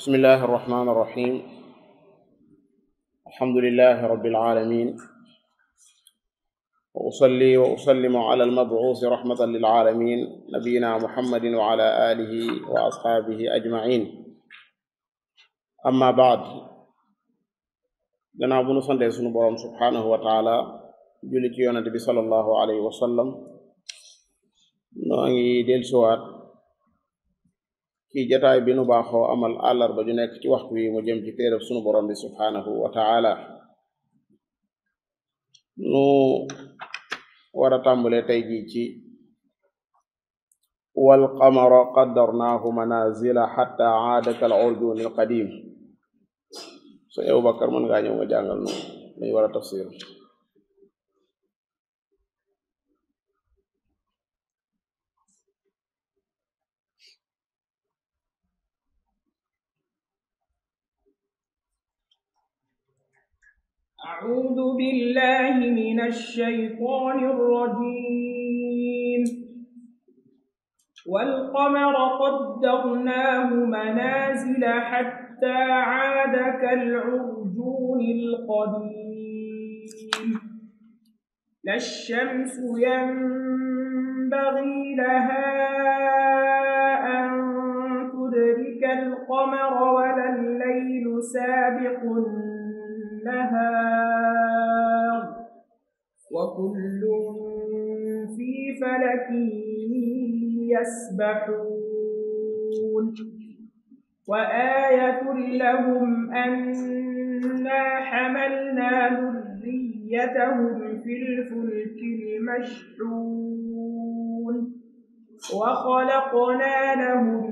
بسم الله الرحمن الرحيم الحمد لله رب العالمين وأصلي وأسلم على المبعوث رحمة للعالمين نبينا محمد وعلى آله وأصحابه أجمعين أما بعد gannaaw bu nu santee sunu boroom subhaanahu wa taala julli ci yonent bi sallallahu alayhi wa sallam noo ngi dellusiwaat kii jataay bi nu baaxoo amal àllarba ju nekk ci waxtu wi mu jëm ci téereb sunu borom bi subhaanahu wa taala nu war a tàmbale tey jii ci walqamara manazila xatta aada kal urjun al qadim so Abubakar mën ngaa ñëw nga jàngal nu dañu war a tafsir أعوذ بالله من الشيطان الرجيم والقمر قدرناه منازل حتى عاد كالعرجون القديم لا الشمس ينبغي لها أن تدرك القمر ولا الليل سابق والنهار وكل في فلك يسبحون وآية لهم أنا حملنا ذريتهم في الفلك المشحون وخلقنا لهم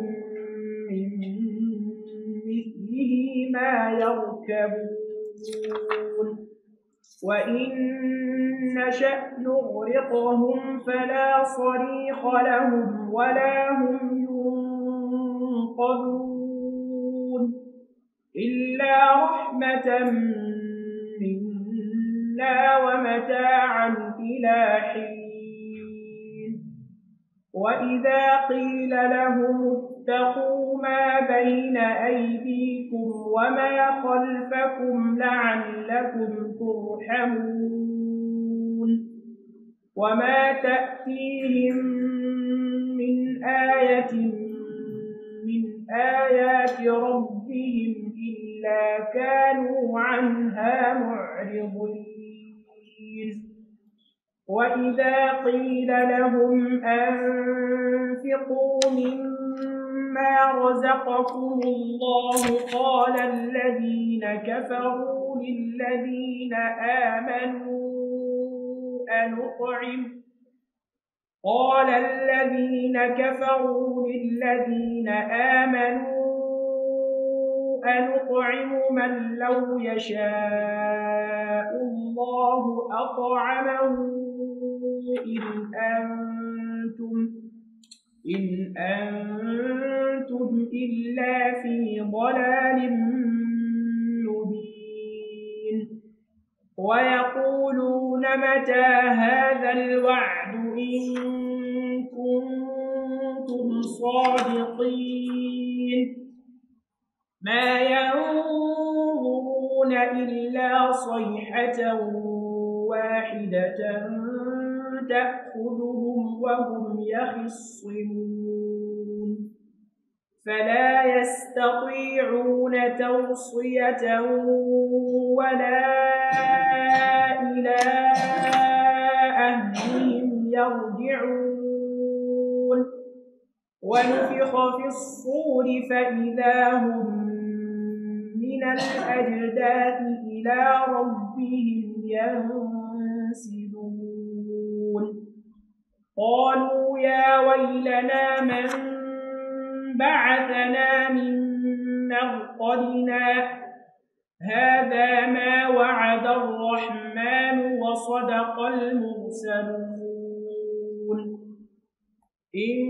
من مثله ما يركبون يعلمون وإن نشأ نغرقهم فلا صريخ لهم ولا هم ينقذون إلا رحمة منا ومتاعا إلى حين وإذا قيل لهم اتقوا ما بين أيديكم وما خلفكم لعلكم ترحمون وما تأتيهم من آية من آيات ربهم إلا كانوا عنها معرضين وإذا قيل لهم أنفقوا مما مما رزقكم الله قال الذين كفروا للذين آمنوا أنطعم قال الذين كفروا للذين آمنوا أنطعم من لو يشاء الله أطعمه إن أنتم إن أنتم إلا في ضلال مبين ويقولون متى هذا الوعد إن كنتم صادقين ما ينظرون إلا صيحة واحدة تأخذهم وهم يخصمون فلا يستطيعون توصية ولا إلى أهلهم يرجعون ونفخ في الصور فإذا هم من الأجداث إلى ربهم ينظرون يشركون قالوا يا ويلنا من بعثنا من مرقدنا هذا ما وعد الرحمن وصدق المرسلون إن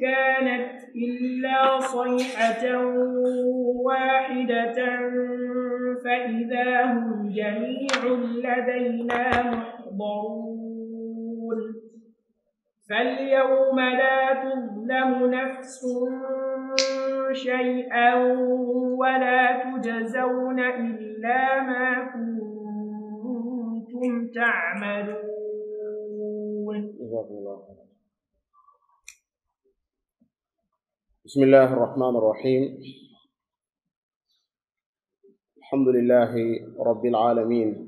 كانت إلا صيحة واحدة فإذا هم جميع لدينا محضرون يخضعون فاليوم لا تظلم نفس شيئا ولا تجزون إلا ما كنتم تعملون بسم الله الرحمن الرحيم الحمد لله رب العالمين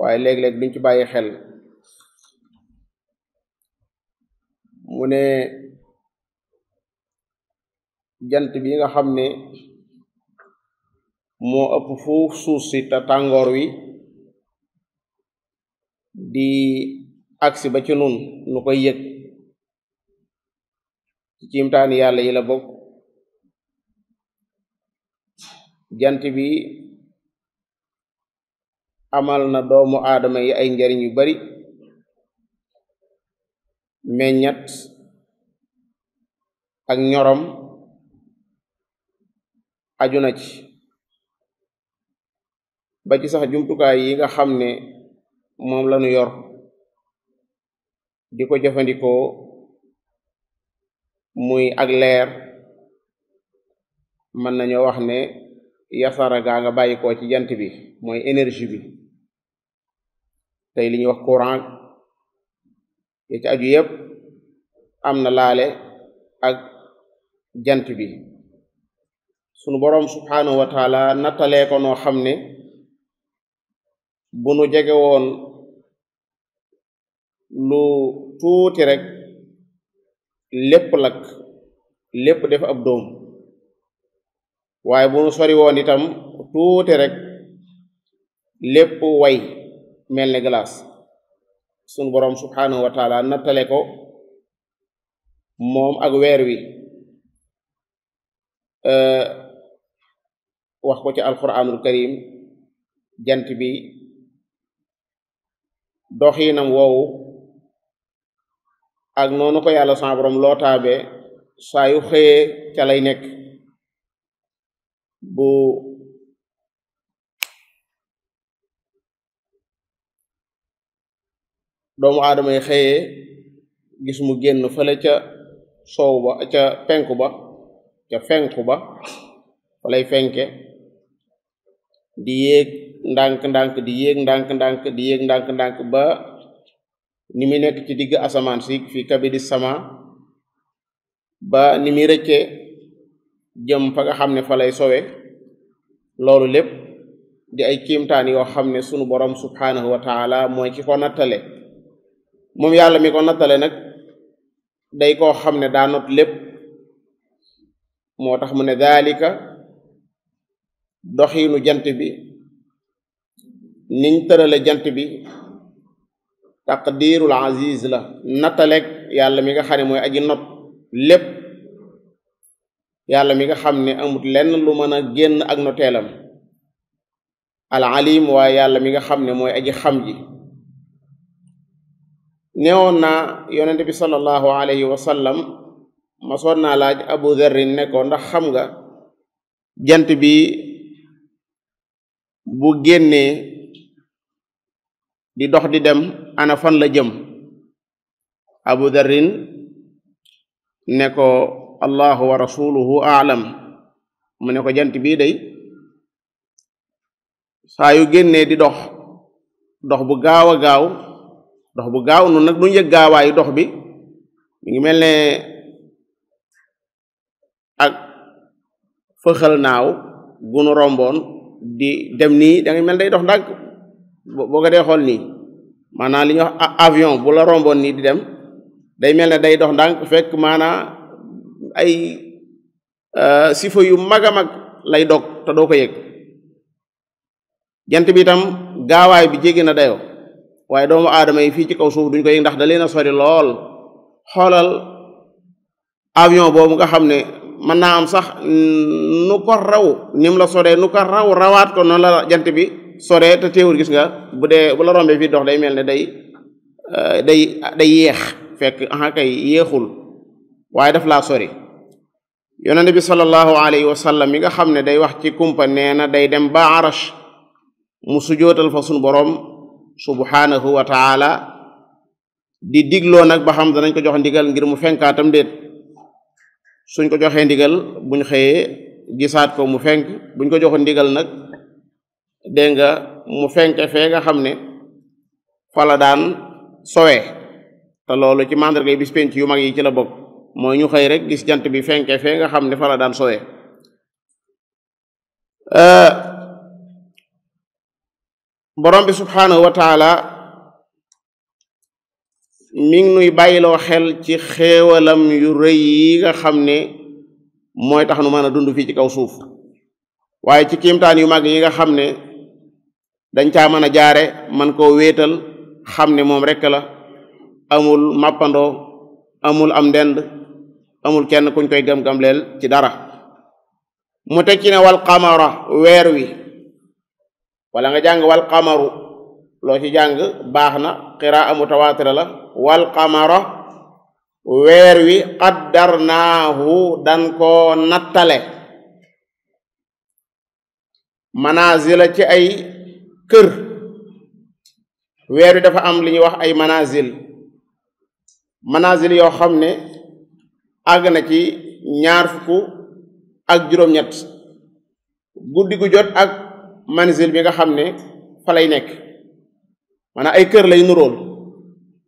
waaye léeg-léeg duñ ci bàyyi xel mu ne jant bi nga xam ne moo ëpp fuuf suuf si te tàngoor wi di agsi ba ci nun nu koy yëg ci ciimtaani yàlla yi la bokk jant bi amal na doomu aadama yi ay njariñ yu bari meññat ak ñorom aju na ci ba ci sax jumtukaay yi nga xam ne moom lañu yor di ko jëfandikoo muy ak leer mën nañoo wax ne yasara gaa nga bàyyi koo ci jant bi mooy énergie bi tey li ñuy wax courant yi ci am na laale ak jant bi sunu boroom subhaanahu wa taala nattalee ko noo xam ne bu nu jege woon lu tuuti rek lépp lakk lépp def ab doom waaye bu nu sori woon itam tuuti rek lépp way mel ne glace sunu borom subhanahu wa nattale ko moom ak weer wi wax ko ci alquranul karim jant bi doxiinam woowu ak noonu ko yàlla sama borom saayu taabe saa ca lay nekk bu doomu aadama yi xëyee gis mu génn fale ca soow ba ca penku ba ca fenku ba fa lay fenke di yéeg ndànk-ndànk di yéeg ndànk-ndànk di yéeg ndànk-ndànk ba ni muy nekk ci digg asamaan si fi kabidi sama ba ni muy rëccee jëm fa nga xam ne fa lay sowe loolu lépp di ay kiimtaan yoo xam ne sunu borom subhaanahu wa taala mooy ki ko nattale moom yàlla mi ko nattale nag day koo xam ne daa not lépp moo tax mu ne daalika doxiinu jant bi niñ tërale jant bi taqdirul aziz la nattalek yàlla mi nga xam ne mooy aji not lépp yàlla mi nga xam ne amut lenn lu mën a génn ak noteelam al alim waaye yàlla mi nga xam ne mooy aji xam ji neewoon naa yonente bi sallallahu alayhi wa sallam masoon naa laaj abu dharrin ne ndax xam nga jant bi bu génnee di dox di dem ana fan la jëm abu dharrin ne allahu wa rasuluhu alam mu ne ko jant bii day saa yu génnee di dox dox bu gaaw a gaaw dox bu gaaw nu nag duñu yëg gaawaayu dox bi mu ngi mel ne ak fëxal naaw gunu romboon di dem nii da ngay mel day dox ndànk boo ko dee xool nii maanaa li ñuy avion bu la romboon nii di dem day mel ne day dox ndànk fekk maanaam ay euh, sifa yu mag a mag lay dog te doo ko yëg jant bi itam gaawaay bi jege na dayoo waaye doomu aadama yi fii ci kaw suuf duñ ko yëg ndax da leen a sori lool xoolal avion boobu nga xam ne mën naa am sax nu ko raw ni la soree nu ko raw rawaat ko noonu la jant bi soree te teewul gis nga bu dee bu la rombee fii dox day mel ne day euh, day day yéex fekk aha kay yéexul waaye daf laa sori yonente bi sallallahu alayhi wa sallam mi nga xam ne day wax ci kumpa nee na day dem ba arash mu sujootal fa sunu boroom subhaanahu wa taala di digloo nag ba xam danañ ko jox ndigal ngir mu fenkaatam déet suñ ko joxee ndigal buñ xëyee gisaat ko mu fenk buñ ko joxoon ndigal nag dégg nga mu fenke fee nga xam ne fala daan sowee te loolu ci màndargay bis penc yu mag yi ci la bokk mooy ñu xëy rek gis jant bi fenke fee nga xam ne fa la daan sowee euh, borom bi subhaanahu wa taala mi ngi nuy bàyyiloo xel ci xéewalam yu rëy yi nga xam ne mooy tax nu mën a dund fii ci kaw suuf waaye ci kiimtaan yu mag yi nga xam ne dañ caa mën a jaare man koo wéetal xam ne moom rekk la amul màppandoo amul am ndend amul kenn kuñ koy gam-gam leel ci dara mu teg ci ne wal qamara weer wi wala nga jàng wal qamaru loo ci jàng baax na qiraa mutawaatira la wal qamara weer wi qaddarnaahu dan koo nattale manazila ci ay kër weer wi dafa am li ñuy wax ay manazil manazil yoo xam ne àgg na ci ñaar fukk ak juróom-ñett guddi gu jot ak manzil bi nga xam ne fa lay nekk maanaam ay kër lay nuróol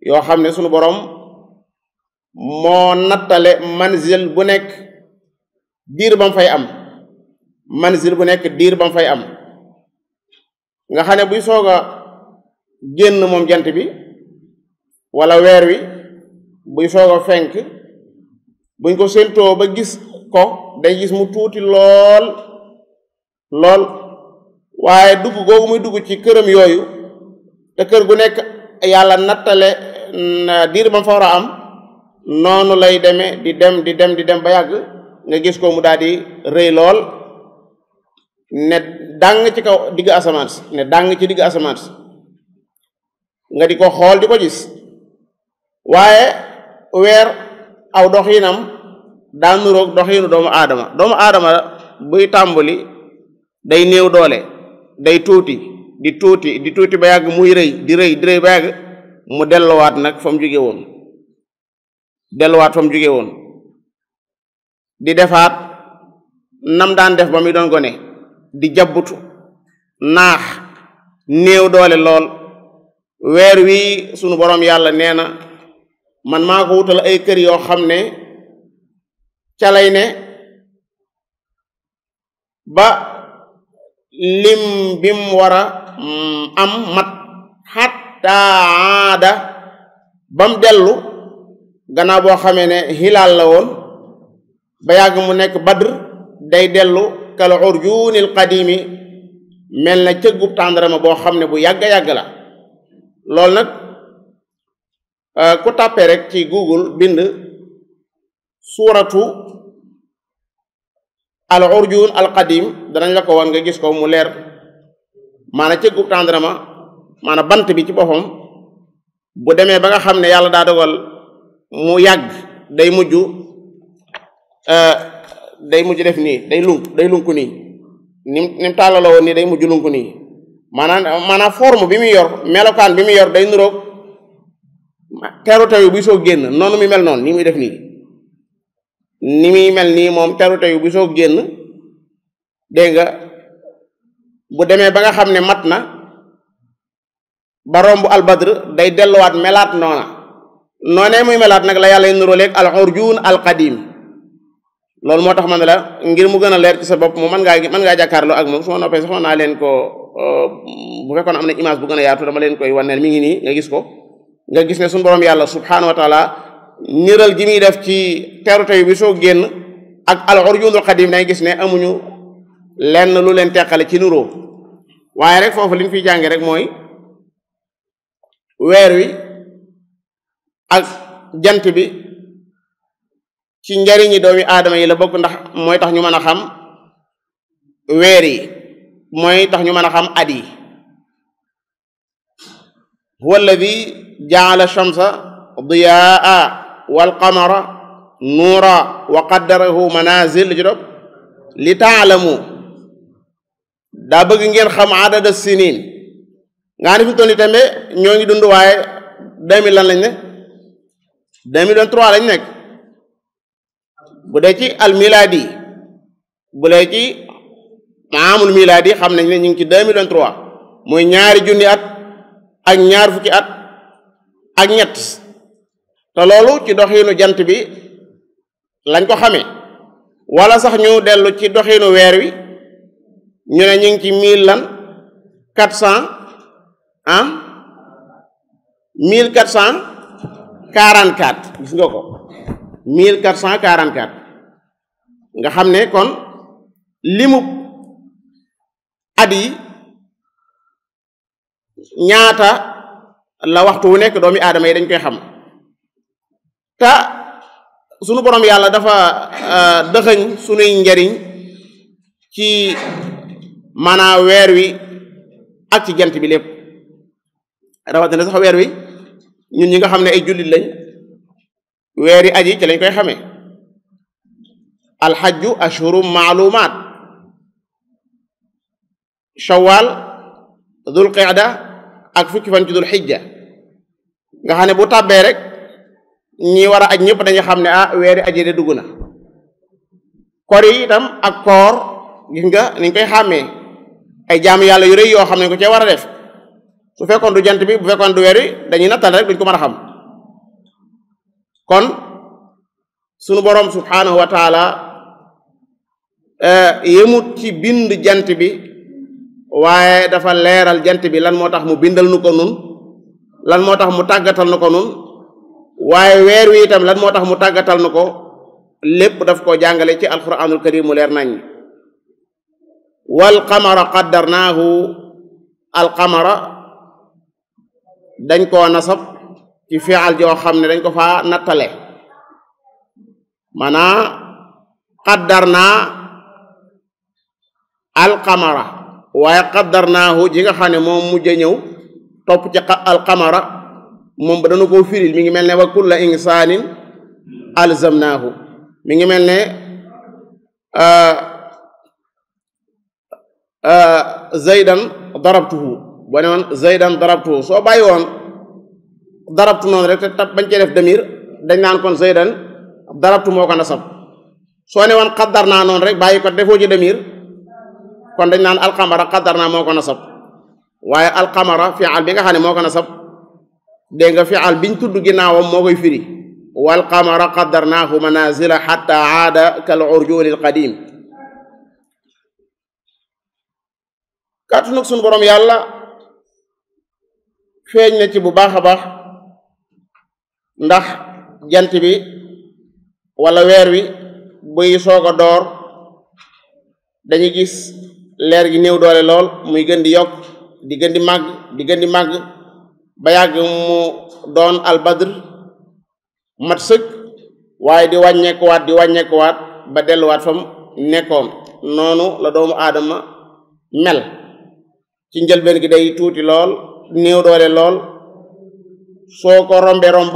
yoo xam ne sunu boroom moo nattale manzil bu nekk diir bam fay am manzil bu nekk diir bam fay am nga xam ne buy soog a génn moom jant bi wala weer wi buy soog fenk buñ ko séentoo ba gis ko day gis mu tuuti lool lool waaye dugg googu muy dugg ci këram yooyu te kër gu nekk yàlla nattale diir ba fa war a am noonu lay deme di dem di dem di dem ba yàgg nga gis ko mu daal di rëy lool ne dàng ci kaw digg asamaan si ne dàng ci digg asamaan si nga di ko xool di ko gis waaye weer aw doxiinam daa nuroog doxiinu doomu aadama doomu aadama buy tàmbali day néew doole day tuuti di tuuti di tuuti ba yàgg muy rëy di rëy di rëy ba yàgg mu delluwaat nag fa mu jóge woon delluwaat fa mu jóge woon di defaat nam daan def ba muy doon gone di jabbutu naax néew doole lool weer wi sunu boroom yàlla nee na man maa ko wutal ay kër yoo xam ne ca lay ne ba lim bim war a mm, am mat xatta aada bam dellu gannaaw boo xamee ne hilaal la woon ba yàgg mu nekk badr day dellu kal urjuunil qadiimi mel na cëggub tàndarama boo xam ne bu yàgga-yàgg la loolu nag Euh, ku tàppe rek ci google bind suuratu al urjun al qadim danañ la ko wan nga gis ko mu leer maanaam cëggu tàndarama maanaam bant bi ci boppam bu demee ba nga xam ne yàlla daa dogal mu yàgg day mujj euh, day mujj def nii day lunk day lunk nii ni mu ni woon nii day mujj lunk nii maanaam maanaam forme bi muy yor melokaan bi muy yor day nuroog teru teyu bi soo génn noonu mi mel noon ni muy def nii ni muy mel nii moom teru teyu bi soo génn dégg nga bu demee ba nga xam ne mat na ba romb albadr day delluwaat melaat noona noonee muy melaat nag la yàlla nuróoleeg alxurjuun alqadim loolu moo tax man la ngir mu gën a leer ci sa bopp mu mën ngaa mën ngaa jàkkaarloo ak moom su ma noppee sax mën naa leen ko euh, bu fekkoon am na image bu gën a yaatu dama leen koy wan ne mi ngi nii nga gis ko nga gis ne suñu borom yàlla subhaanahu wa taala niral gi muy def ci terute yu bi soo génn ak al urjuunul xadim day gis ne amuñu lenn lu leen teqale ci nuroo waaye rek foofu liñ fiy jànge rek mooy weer wi ak jant bi ci njariñi doomi aadama yi la bokk ndax mooy tax ñu mën a xam weer yi mooy tax ñu mën a xam at yi huwa alladi jaala shamsa diyaa walqamara nuura wa qaddarahu manazil li ci dop li taalamu daa bëgg ngeen xam adada sinin nga ni fi toll tambe ñoo ngi dund waaye deux mille lan lañ ne deux mille vingt lañ nekk bu dee ci almilaadi bu dee ci maamul milaadi xam nañ ne ñu ngi ci deux mille trois mooy ñaari junni at ak ñaar fukki at ak ñett te loolu ci doxiinu jant bi lañ ko xamee wala sax ñu dellu ci doxiinu weer wi ñu ne ñu ngi ci mille lan quatre cent ah mille quatre cent quarante quatre gis nga ko mille quatre cent quarante quatre nga xam ne kon limu at yi ñaata la waxtu wu nekk doomi aadama yi dañ koy xam te sunu borom yàlla dafa euh, dëxëñ sunuy njariñ ci maanaam weer wi ak ci jant bi lépp rawatina sax weer wi ñun ñi nga xam ne ay jullit lañ weer yi aji ci lañ koy xamee alxajju ashhuru maalumaat shawal dul qeeda ak fukki fan ci dul xijja nga xam ne bu tàbbee rek ñi war a aj ñëpp dañu xam ne ah weeri aji de dugg na kor itam ak koor gis nga niñ koy xàmmee ay jaam yàlla yu rëy yoo xam ne ko cee war a def su fekkoon du jant bi bu fekkoon du weer wi dañuy nattal rek duñ ko mën a xam kon sunu borom subhanahu wa eh, yemut ci bind jant bi waaye dafa leeral jant bi lan moo tax mu bindal nu ko nun lan moo tax mu tàggatal nu ko nun waaye weer wi itam lan moo tax mu tàggatal nu ko lépp daf koo jàngale ci alquranul karim mu leer nañ wal qamara qaddarnaahu alqamara dañ koo nasab ci fi'al joo xam ne dañ ko fa nattale maanaa qaddarnaa alqamara waaye qaddarnaahu ji nga ne moom mujje ñëw topp ci alqamara moom ba dana koo firil mi ngi mel ne wa kulla insaanin alzamnaahu mi ngi mel ne zaydan darabtuhu boo ne woon zaydan darabtuhu soo bàyyi woon darabtu noonu rek te tab bañ cee def damir dañ naan kon zaydan darabtu moo ko nasab soo ne woon qaddar naa noonu rek bàyyi ko defoo ci damir kon dañ naan alxamara naa moo ko nasab waaye alxamara fi'al bi nga xam ne moo ko nasab nga fi'al biñ tudd ginnaawam moo koy firi wal qamara boroom yàlla feeñ na ci bu baax a baax ndax jant bi wala weer wi buy soog a door dañuy gis leer gi néew doole lool muy gën di yokk di gën di màgg di gën di màgg ba yàgg mu doon albadr mat sëkk waaye di wàññeekuwaat di wàññeekuwaat ba delluwaat fam nekkoon noonu la doomu aadama mel ci njëlbeen gi day tuuti lool néew doole lool soo ko rombe romb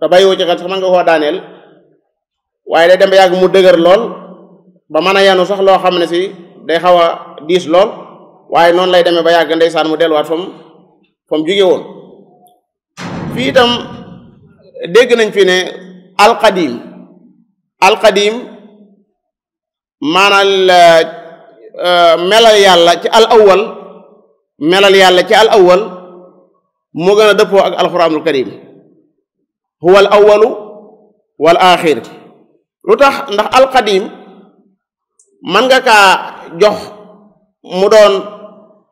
te bàyyiwoo ci sax mën nga koo daaneel waaye day dem ba yàgg mu dëgër lool ba mën a yanu sax loo xam ne si day xaw a diis lool waaye noonu lay deme ba yàgg ndeysaan mu delluwaat fam fam jóge woon fii itam dégg nañ fi ne alqadim alqadim maanaal euh, melal yàlla ci al awwal melal yàlla ci al awwal moo gën a dëppoo ak alquranul karim huwa al awwalu wal axir lu tax ndax alqadim man nga kaa jox mu doon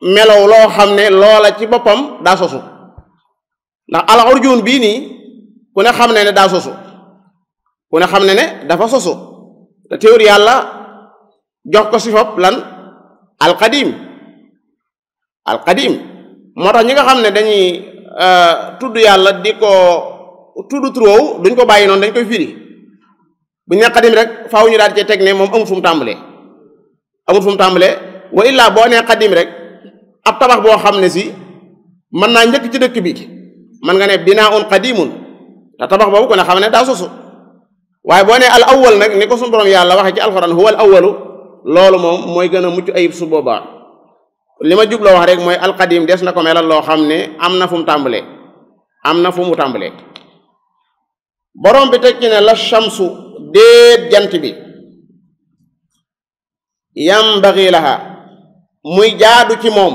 melow loo xam ne loola ci boppam daa sosu ndax al urjuun bii nii ku ne xam ne ne daa sosu ku ne xam ne ne dafa sosu te teewul yàlla jox ko si fop lan alxadiim alqadim moo tax ñi nga xam ne dañuy euh, tudd yàlla di ko tudd turoow duñ ko bàyyi noonu dañ koy firi bu ñu ne qadim rek faaw ñu daal cee teg ne moom amu fu mu tàmbalee amul fu mu tàmbalee wa illaa boo nee xadim rek ab tabax boo xam ne si mën naa njëkk ci dëkk bi mën nga ne binaa un qadimun te tabax boobu ko ne xam ne daa sosu waaye boo nee al awwal nag ni ko suñu borom yàlla waxee ci alxuraan huwa al awwalu loolu moom mooy gën a mucc ayib su boobaa li ma jubloo wax rek mooy alqadim des na ko melal loo xam ne am na fu mu tàmbalee am na fu mu tàmbalee borom bi tekki ne la shamsu déet jant bi yambagi laha muy jaadu ci moom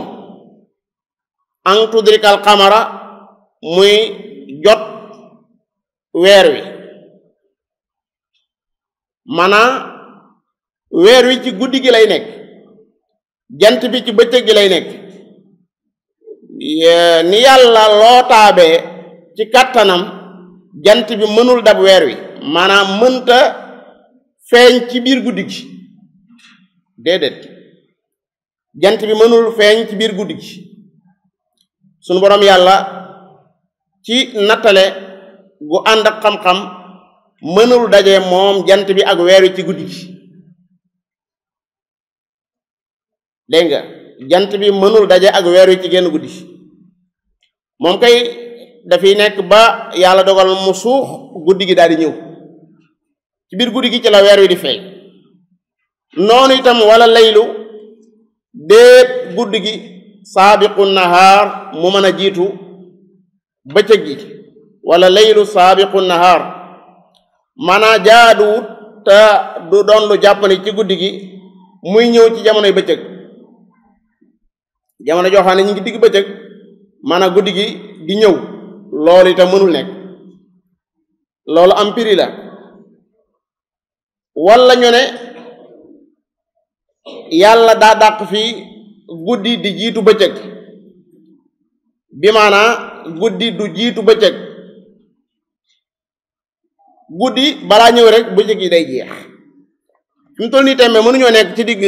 an tudrikal xamara muy jot weer wi maanaa weer wi ci guddi gi lay nekk jant bi ci bëccëg lay nekk ni yàlla lootaabe ci kàttanam jant bi mënul dab weer wi maanaam mënta feeñ ci biir guddi gi déedéet jant bi mënul feeñ ci biir guddi gi sunu boroom yàlla ci nattale gu ànd ak xam-xam mënul daje moom jant bi ak weer wi ci guddi gi dégg nga jant bi mënul daje ak weer wi ci genn guddi moom kay dafiy nekk ba yàlla dogal mu suux guddi gi daal di ñëw ci biir guddi gi ci la weer wi di feeñ noonu itam walla laylu déeb guddi gi saabiqu nahaar mu mën a jiitu bëccëg gi wala laylu saabiqu nahaar maanaa jaaduwut te du doon lu jàppani ci guddi gi muy ñëw ci jamonoy bëccëg jamono joo xam ne ñu ngi digg bëccëg maanaa guddi gi di ñëw loolu itam mënul nekk loolu am piri la wala ne yàlla daa dàq fi guddi di jiitu bëccëg bi maanaa guddi du jiitu bëccëg guddi balaa ñëw rek bëccëg yi day jeex fi mu toll nii tembe mënuñoo nekk ci digg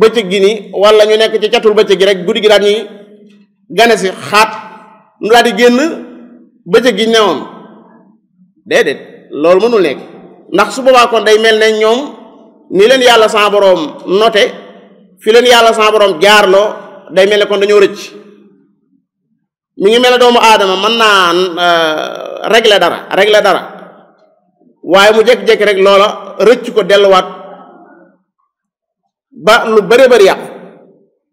bëccëg gi ni wala ñu nekk ci catul bëccëg gi rek guddi gi daal ñuy gane xaat nu daal di génn bëccëg gi newoon déedéet loolu mënul nekk ndax su day mel ne ñoom ni leen yàlla sa boroom note fi leen yàlla sama borom jaarloo day mel ne kon dañoo rëcc mu ngi mel ne doomu aadama mën naa euh, régler dara régler dara waaye mu jékki-jékki rek loola rëcc ko delluwaat ba lu bëree bëri yàqu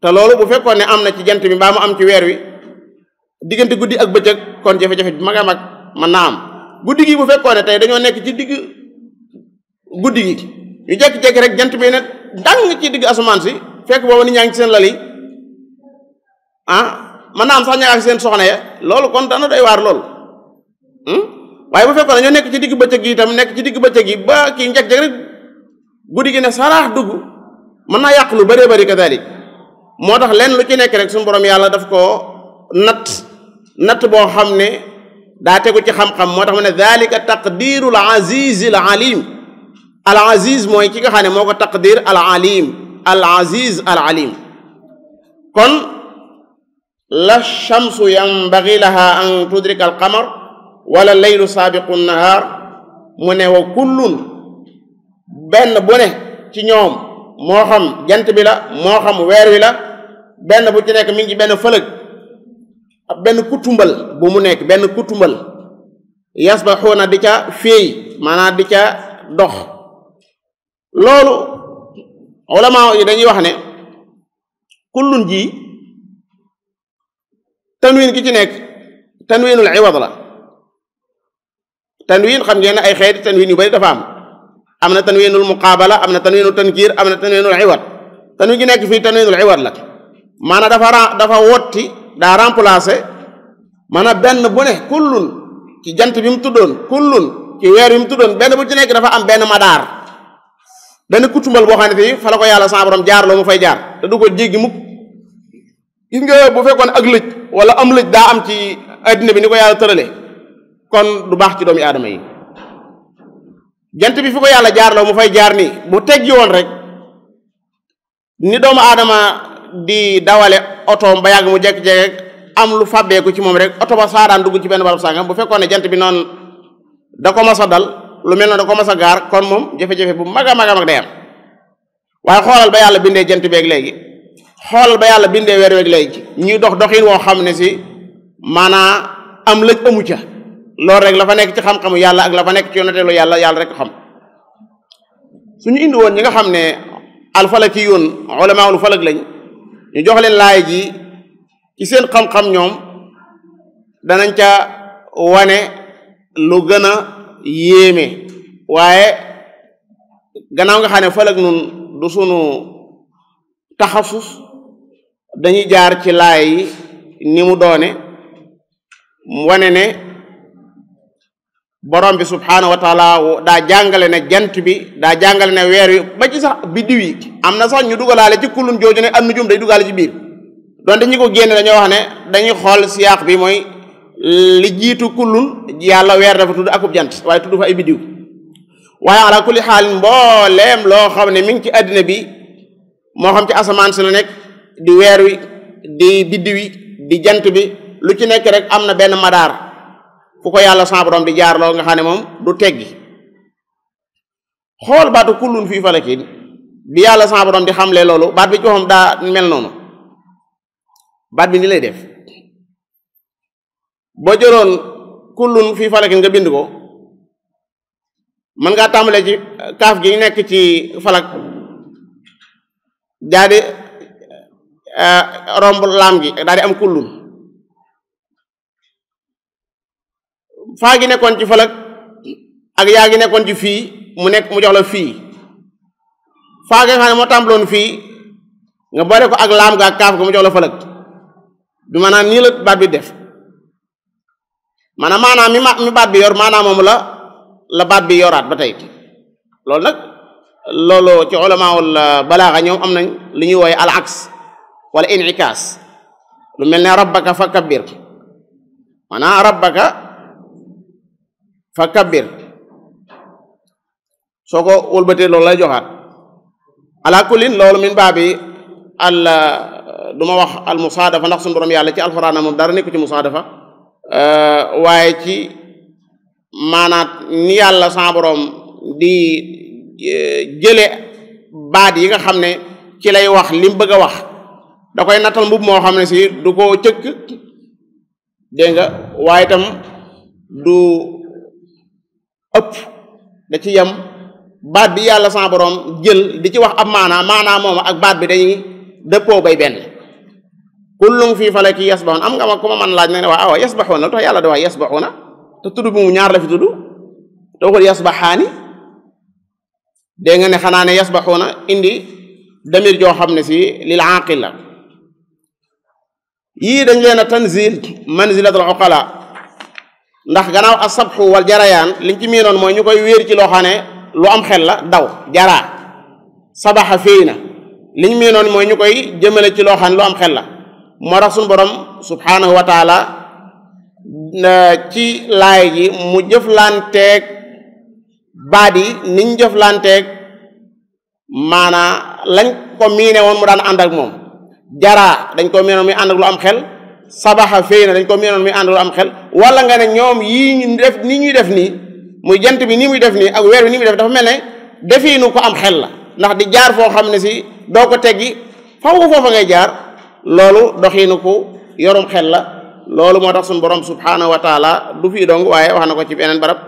te loolu bu fekkoon ne am na ci jant bi mbaa mu am ci weer wi diggante guddi ak bëccëg kon jafe-jafe bi mag mag mën naa am guddi gi bu fekkoon ne tey dañoo nekk ci digg guddi gi ñu jékki-jékki rek jant bi ne dang ci digg asamaan si fekk boobu nit ñaa ngi ci seen lal yi ah, mën naa am sax ñaa seen soxna ya loolu kon dana doy waar loolu hmm? waaye bu fekkoon ne ñoo nekk ci digg bëccëg yi tam nekk ci digg bëccëg yi ba kii njëg-njëg rek guddi gi ne saraax dugg mën naa yàq lu bëree bëri kadalik moo tax lenn lu ci nekk rek suñu borom yàlla daf koo natt natt boo xam ne daa tegu ci xam-xam moo tax mu ne dalika taqdiru al aziz al alim al aziz mooy ki nga xam ne moo ko taqdir al alim al aziz al alim kon la shamsu yanbagi laha an tudrika al qamar wala leylu saabiqu nahaar mu ne wa kullun benn bu ne ci ñoom moo xam jant bi la moo xam weer wi la benn bu ci nekk mi ngi ci benn fëlëg ab benn kutumbal bu mu nekk benn kutumbal yasbaxuuna di ca féey maanaam di ca dox loolu ulama yi dañuy wax ne kullun ji tanwin gi ci nekk tanwinul iwad la tanwin xam ngeen ne ay xeeti tanwin yu bari dafa am am na tanwinul muqaabala am na tanwinul tankir am na tanwinul iwad tanwin gi nekk fii tanwinul iwad la maanaam dafa dafa wotti daa remplacer maanaam benn bu ne kullun ci jant bi mu tuddoon kullun ci weer bi mu tuddoon benn bu ci nekk dafa am benn madaar dana kutumbal boo xam ne fii fa ko yàlla sa borom jaar loo mu fay jaar te du ko jéggi mukk gis nga bu fekkoon ak lëj wala am lëj daa am ci àddina bi ni ko yàlla tërale kon du baax ci doomu aadama yi jant bi fi yàlla jaar mu fay jaar nii bu teggi woon rek ni doomu aadama di dawale otoom ba yàgg mu jekk-jekk am lu fàbbeeku ci moom rek oto ba saaraan dugg ci benn barab sàngam bu fekkoon ne jant bi noonu da ko mas dal lu mel na da ko mas a gaar kon moom jafe-jafe bu mag a mag a mag day am waaye xoolal ba yàlla bindee jant beeg léegi xoolal ba yàlla bindee weer weeg léegi ñuy dox doxin woo xam ne si maanaa am lëj amu loolu rek la fa nekk ci xam-xamu yàlla ak la fa nekk ci yonatelu yàlla yàlla rek xam suñu indi woon ñi nga xam ne alfalaki yoon ulamaul falak lañ ñu jox leen laay ji ci seen xam-xam ñoom danañ ca wane lu gën yéeme waaye gannaaw nga xam ne falak nun du sunu taxasus dañuy jaar ci laay yi ni mu doone wane ne borom bi subhaanahu wa taala daa jàngale ne jant bi daa jàngale na weer wi ba ci sax biddiw yi am na sax ñu dugalaale ci kulun jooju ne am nu jum day dugalaale ci biir donte ñi ko génne dañoo wax ne dañuy xool siyaaq bi mooy li jiitu kullun yàlla weer dafa tudd akub jant waaye tudd fa ay biddiw waaye ala kulli xaal mbooleem loo xam ne mi ngi ci àddina bi moo xam ci asamaan si la nekk di weer wi di biddiw di jant bi lu ci nekk rek am na benn madaar fu ko yàlla sa borom di jaar loo nga xam ne moom du teggi xool baatu kullun fii falakin yàlla sa borom di xamle loolu baat bi ci daa mel noonu baat bi ni lay def boo jëloon kullun fii falakin nga bind ko mën ngaa tàmbalee ci eh, kaaf gi nekk ci falak daa eh, romb laam gi daa am kullun faa gi nekkoon ci falak ak yaa gi nekkoon ci fii mu nekk mu jox la fii faa gi nga ne moo tàmbaloon fii nga boole ko ak laam ga ak kaaf ga mu jox falak bi maanaam nii la baat bi def maanaam maanaam mi ma mi baat bi yor maanaam moom la baat bi yoraat ba tey loolu nag loolu ci ulamaawul euh, balaaxa ñoom am nañ lu ñuy wooye al aks wala inikaas lu mel ne rabbaka fa kabbir maanaam rabbaka fa kabbir soo ko wëlbatee loolu lay joxaat ala kulin loolu min baabi al euh, du wax al musaadafa ndax suñu yàlla ci alxuraan moom dara nekku ci musaadafa Euh, waaye ci maanaat ni yàlla sa di euh, jële baat yi nga xam ne ci lay wax li bëgg a wax da koy nattal mbub moo xam ne si du ko cëkk dégg nga waaye tam du ëpp da ci yam baat bi yàlla sa borom jël di ci wax ab maanaa maanaa moom ak baat bi dañuy dëppoo bay benn kullum fii falakin yasbaxun am nga ma ku ma mën laaj nag ne waa ah, awa yasbaxuuna lu tax yàlla di wax yasbaxuuna te tudd bi mu ñaar la fi tudd doxul yasbaxaani dégg nga ne xanaa ne yasbaxuuna indi damir joo xam ne si lil aaqil la yii dañ leen a tanzil manzilatul uqala ndax gannaaw asabxu wal jarayaan liñ ci miinoon mooy ñu koy wéer ci loo xam lu am xel la daw jaraa sabaxa féey na liñ miinoon mooy ñu koy jëmale ci loo ne lu am xel la moo tax suñu borom subhaanahu wa taala ci laay ji mu jëflanteeg baat yi niñ jëflanteeg maanaa lañ ko miine woon mu daan ànd ak moom jaraa dañ koo miine woon muy ànd ak lu am xel sabaxa féy na dañ ko miinoon muy ànd lu am xel wala nga ne ñoom yii ñu def ni ñuy def nii muy jant bi ni muy def nii ak weer bi ni muy def dafa mel ne defiinu ko am xel la ndax di jaar foo xam ne si doo ko teggi faw foofa ngay jaar loolu doxiinu ku yorum xel la loolu moo tax suñu borom subhaanahu wa taala du fii dong waaye wax na ko ci beneen barab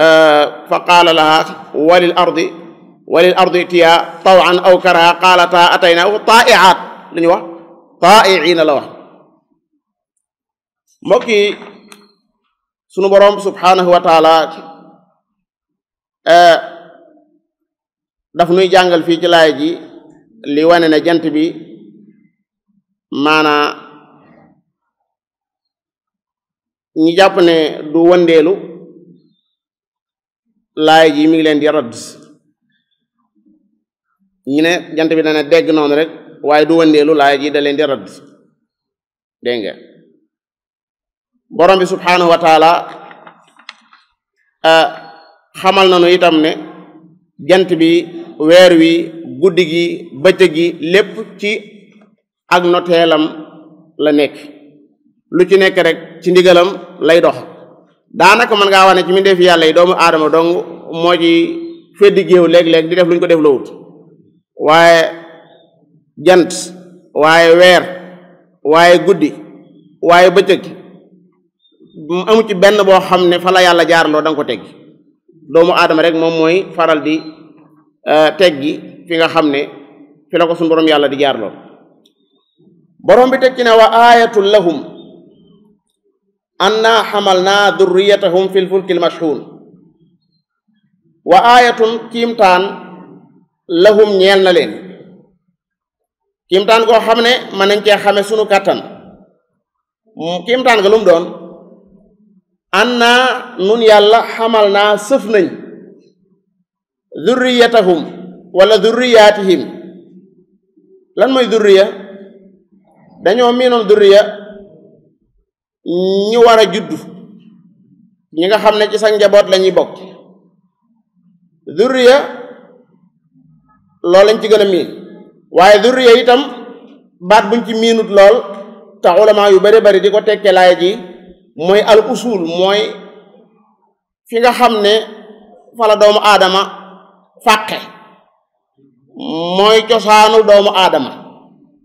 euh, fa qaala laha walil ardi walil ardi tiya tawan aw karaha qaalata atayna taaiaat lu ñu wax taaiina la wax mbokk yi sunu borom subhaanahu wa taala euh, daf nuy jàngal fii ci ji li wane na jant bi maanaa ñi jàpp ne du wandeelu laay ji mi ngi leen di rodd ñu ne jant bi dana dégg noonu rek waaye du wandeelu laay ji da di rodd dégg nga borom bi subhanahu wa taala eh, xamal nañu itam ne jant bi weer wi guddi gi bëccëg gi lépp ci ak noteelam la nekk lu ci nekk rek ci ndigalam lay dox daanaka mën ngaa wax ne ci mbindeef yàlla yi doomu aadama dong moo ci feddi géew léeg-léeg di def lu ñu ko def wut waaye jant waaye weer waaye guddi waaye bëccëg amu ci benn boo xam ne fa la yàlla jaarandoo danga ko teggi doomu aadama rek moom mooy faral di euh, teg gi fi nga xam ne fi la ko suñu borom yàlla di jaarloo borom bi tekki kina wa aayatun lahum annaa hamalnaa durriyatahum fil fulkil mashhuun wa aayatun kiimtaan lahum ñeel na leen kiimtaan koo xam ne mën nañ cee xame sunu kàttan kiimtaan ga lum doon annaa nun yàlla xamal naa sëf nañ durriyatahum wala durriyaatihim lan mooy durriya dañoo miinoon durriya ñi war a juddu ñi nga xam ne ci sa njaboot la ñuy bokk durriya loolu lañ ci gën a miin waaye durriya itam baat buñ ci miinut lool te ulama yu bari bari di ko tekke laay ji mooy al usul mooy fi nga xam ne fa doomu aadama fàqe mooy cosaanu doomu aadama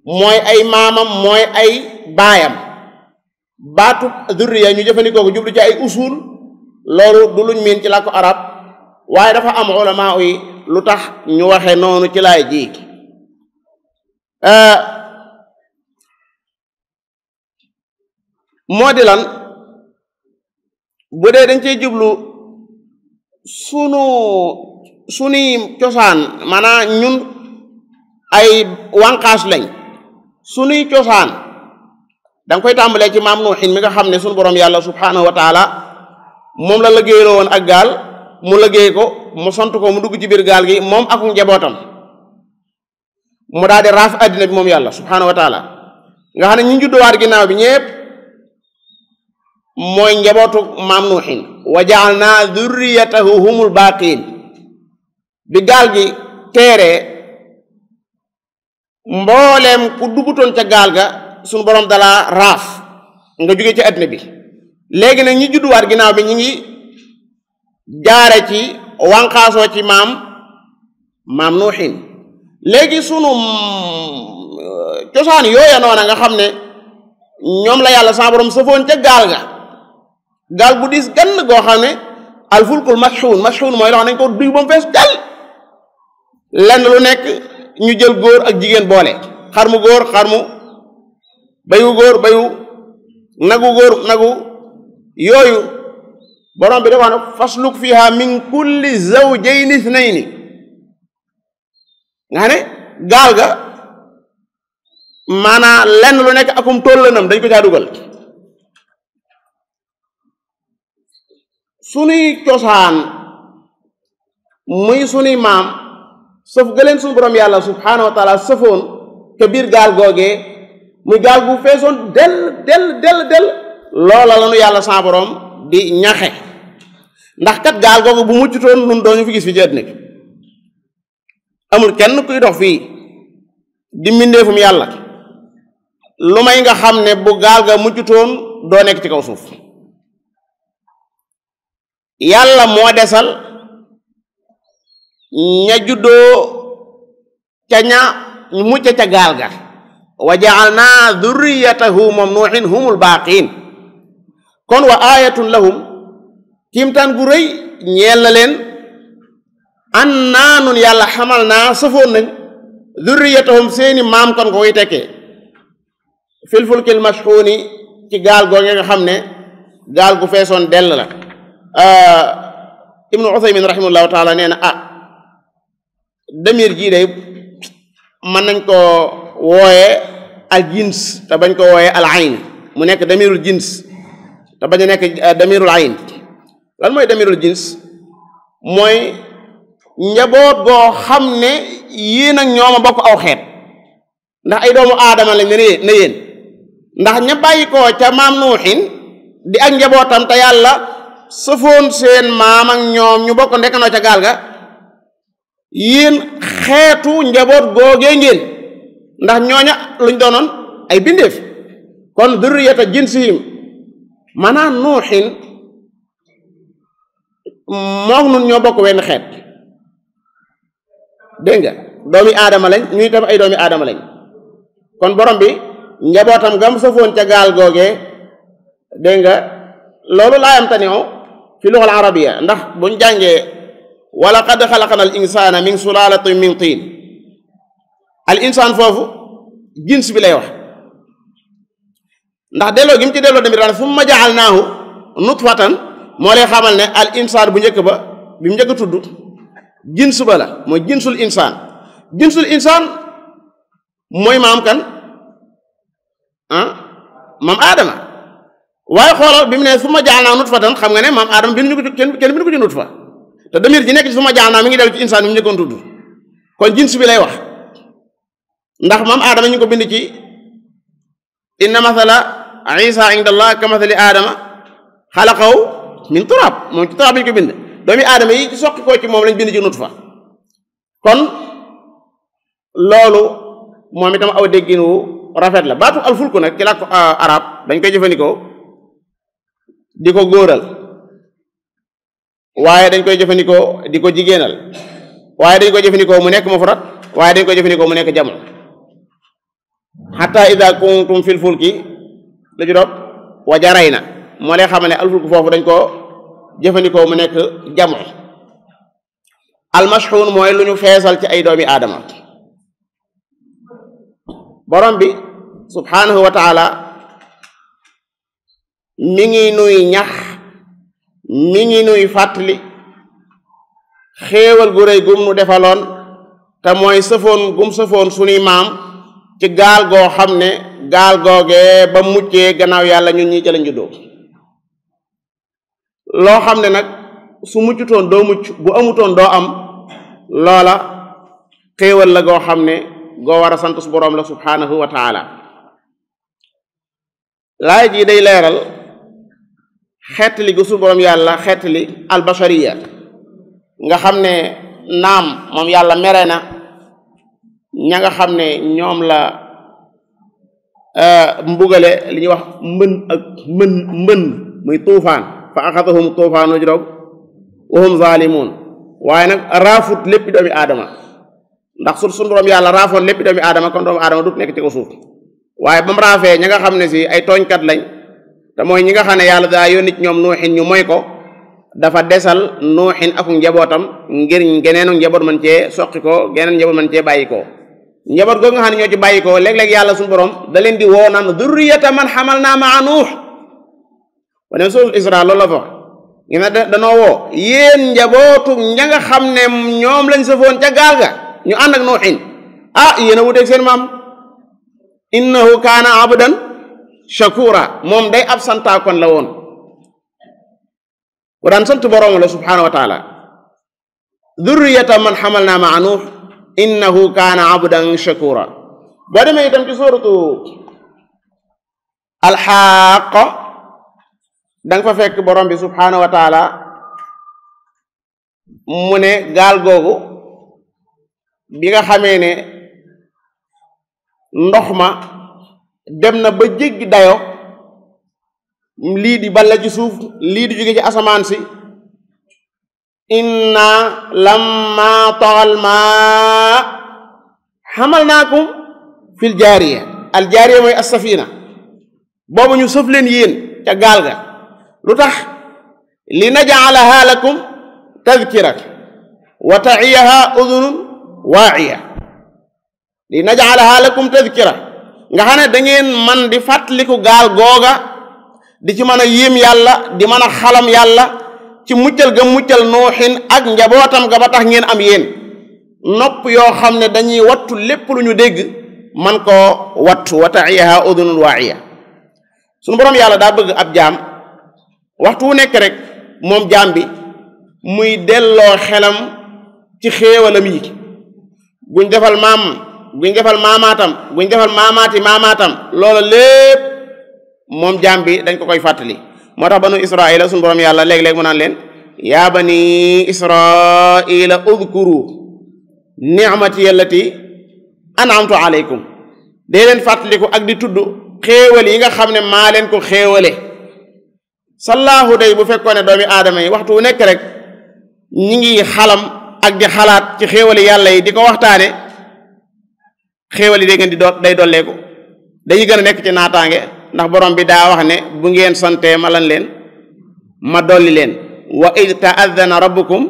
mooy ay maamam mooy ay baayam baatu zurriya ñu jëfandikoo ko jublu ci ay usul loolu du luñ miin ci làkku arab waaye dafa am ulama yi lu tax ñu waxe noonu ci laay ji euh, moo di lan bu dee dañ cey jublu sunu sunuy cosaan maanaam ñun ay wànqaas lañ sunuy cosaan da koy tàmbalee ci maam nuuxin mi nga xam ne sunu boroom yàlla subhaanahu wa moom la liggéeyloo woon ak gaal mu liggéey ko mu sont ko mu dugg ci biir gaal gi moom ak njabootam mu daal di raaf àddina bi moom yàlla subhaanahu wa nga xam ne ñu judduwaat ginnaaw bi ñépp mooy njabootu maam nuuxin wa jaalnaa zurriyatahu humul baaqiin bi gaal gi teeree mboolem ku dugutoon ca gaal ga suñu boroom dalaa raaf nga jóge ci àddina bi léegi nag ñi judduwaat ginnaaw bi ñu ngi jaare ci wànqaasoo ci maam maam nuuxin léegi sunu mm, cosaan yooya nga xam ne ñoom la yàlla sa borom sëfoon ca gaal ga gaal bu diis gann goo xam ne alfulkul masxuun masxuun mooy loo nañ ko duy ba mu fees gal lenn lu nekk ñu jël góor ak jigéen boole xarmu mu góor xar bayu góor bayu nagu góor nagu yooyu borom bi dafa ne fasluk fiha min kulli zawjayni ithnayni nga xam ne gaal ga maanaa lenn lu nekk akum tollanam dañ ko caa dugal sunuy cosaan muy sunuy maam sëf ga leen suñu borom yàlla subhaanahu wa taala sëfoon ke biir gaal googee muy gaal gu feesoon del del del del loola la yàlla sa borom di ñaxe ndax kat gaal googu bu muccutoon nun dooñu fi gis fi ci àddina amul kenn kuy dox fii di mbindeefum yàlla lu may nga xam ne bu gaal ga muccutoon doo nekk ci kaw suuf yàlla moo desal ña juddoo ca ña mucc ca gaal ga wa ja'alnaa dhurriyatahu moom nuuxin humul baaqiin kon wa aayatun lahum kiimtaan gu rëy ñeel na leen an naa nun yàlla xamal naa safoon nañ dhurriyatahum seeni maam kon ko koy tekkee fil fulkil mashxuuni ci gaal googe nga xam ne gaal gu feesoon dell la ibnu uthaymin rahimahullahu taala nee na ah damir jii day man nañ koo wooyee al jins te bañ ko wooyee al ayn mu nekk damirul jins te bañ a nekk euh, damirul ayn lan mooy damirul jins mooy njaboot goo xam ne yéen nag ñoom a bokk aw xeet ndax ay doomu aadama lañ ne na yéen ndax ña bàyyikoo ca maam nuuxin di ak njabootam te yàlla sëfoon seen maam ak ñoom ñu bokk ndekkanoo ca gaal ga yéen xeetu njaboot googee ngeen ndax ñooña luñ doonoon ay bindeef kon durriyata jinsihim maanaam nuuxin moom nun ñoo bokk wenn xeet dégg nga doomi aadama lañ ñuy tam ay doomi aadama lañ kon borom bi njabootam gam safoon ca gaal googee dégg nga loolu laayam taniw fi luxal arabiya ndax buñ jàngee wa laqad xalaqna al insana min sulalatin min tiin al insaan foofu jins bi lay wax ndax delloo gi mu ci delloo damit ran fu ma jaxal naahu nutfatan moo lay xamal ne al insaan bu njëkk ba bi mu njëkk tudd jins ba la mooy jinsul insaan jinsul insaan mooy maam kan ah maam aadama waaye xoolal bi mu ne fu ma jaxal naahu nutfatan xam nga ne maam aadama bi ñu kenn bi ñu ko ci nutfa te damir ji nekk ci suma jaam naa ngi dal ci insaan bi mu njëkkoon tudd kon jins bi lay wax ndax maam aadama ñu ko bind ci inna mathala isa inda allah ka mathali aadama xalaqaw min turaab moom ci turaab lañu ko bind doomi aadama yi ci soqi koo ci moom lañ bind ci nut fa kon loolu moom itam aw déggin rafet la baatu alfulku nag ci làkk euh, arab dañ koy jëfandikoo di ko góoral waaye dañ koy jëfandikoo di ko jigéenal waaye dañ koy jëfandikoo mu nekk mufrad waaye dañ koy jëfandikoo mu nekk jamono xata ida kuntum fil fulki la juróom wa jaray na moo lay xamal ne alfulku foofu dañ koo mu nekk jamo almashxuun mooy lu ñu feesal ci ay doomi aadama borom bi subhaanahu wa mi ngi nuy ñax mi ngi nuy fàttali xéewal gu rëy gum nu defaloon te mooy sëfoon gum sëfoon sunuy maam ci gaal goo xam ne gaal googee ba muccee gannaaw yàlla ñun ñi ca lañ juddoo loo xam ne nag su muccutoon doo mucc bu amutoon doo am loola xéewal la goo xam ne goo war a sant su boroom la subhaanahu wa taala laay jii day leeral xeetali gu suñu borom yàlla xeetali albashariya nga xam ne naam moom yàlla mere na ña nga xam ne ñoom la euh, mbugale li ñuy wax mbën ak mbën mbën muy tuufaan fa axadahum tuufaan wajrob wa hum waaye nag raafut lépp doomi aadama ndax su suñu borom yàlla raafoon lépp doomi aadama kon doomu aadama du nekk ci ko suuf waaye ba raafee ña nga xam ne si ay tooñkat lañ te mooy ñi nga xam ne yàlla daa yónni ci ñoom nuuxin ñu mooy ko dafa desal nuuxin aku njabootam ngir geneenu njaboot man cee soqi ko geneen njaboot man cee bàyyi ko njaboot googu nga xam ne ko yàlla suñu borom da leen di woo naan durriyata man xamal naa maa nuux wane suuratul Isra loolu nga xam ne ñoom lañ safoon ca gaal ga ñu ànd ak nuuxin ah yéen a wuteeg seen maam innahu kaana abdan shakura moom day ab santaakoon la woon ku daan sant la subhaanahu wa taala durriyata man xamal naa nuux innahu kaana abdan shakura boo demee itam ci suuratu alxaaq danga fa fekk borom bi subhaanahu wa mu ne gaal googu bi nga xamee ne ndox ma dem na ba jéggi dayo lii di balla ci suuf lii di jóge ci asamaan si inna lamma toxal ma xamal naakum fil jaariya al jaariya mooy assafina boobu ñu sëf leen ca gaal ga lu tax li najalaha lakum tadkira wa taiyaha udunun waaciya li najalaha lakum tadkira nga xam ne dangeen ngeen man di fàttaliku gaal googa di ci mën a yéem yàlla di mën a xalam yàlla ci muccal ga muccal nuuxin ak njabootam ga ba tax ngeen am yeen nopp yoo xam ne dañuy wattu lépp lu ñu dégg man koo wattu wa taiyaha udunul waaxiya suñu boroom yàlla daa bëgg ab jaam waxtu wu nekk rek moom jaam bi muy delloo xelam ci xéewalam yi buñ defal maam guñ defal maamaatam guñ defal maamaati maamaatam loola lépp moom jaam bi dañ ko koy fàttali moo tax banu israila suñu borom yàlla léeg-léeg mu naan leen yaa bani israila udkuru ni'mati allati an'amtu alaykum dee leen fàttaliku ak di tudd xéewal yi nga xam ne maa leen ko xéewale sallaahu day bu fekkoon ne doomi aadama yi waxtu wu nekk rek ñi ngi xalam ak di xalaat ci xéewali yàlla yi di ko waxtaane xéewal yi day ngeen di doo day dolleeku dañuy gën a nekk ci naataange ndax borom bi daa wax ne bu ngeen santee ma lan leen ma dolli leen wa id taadana rabbukum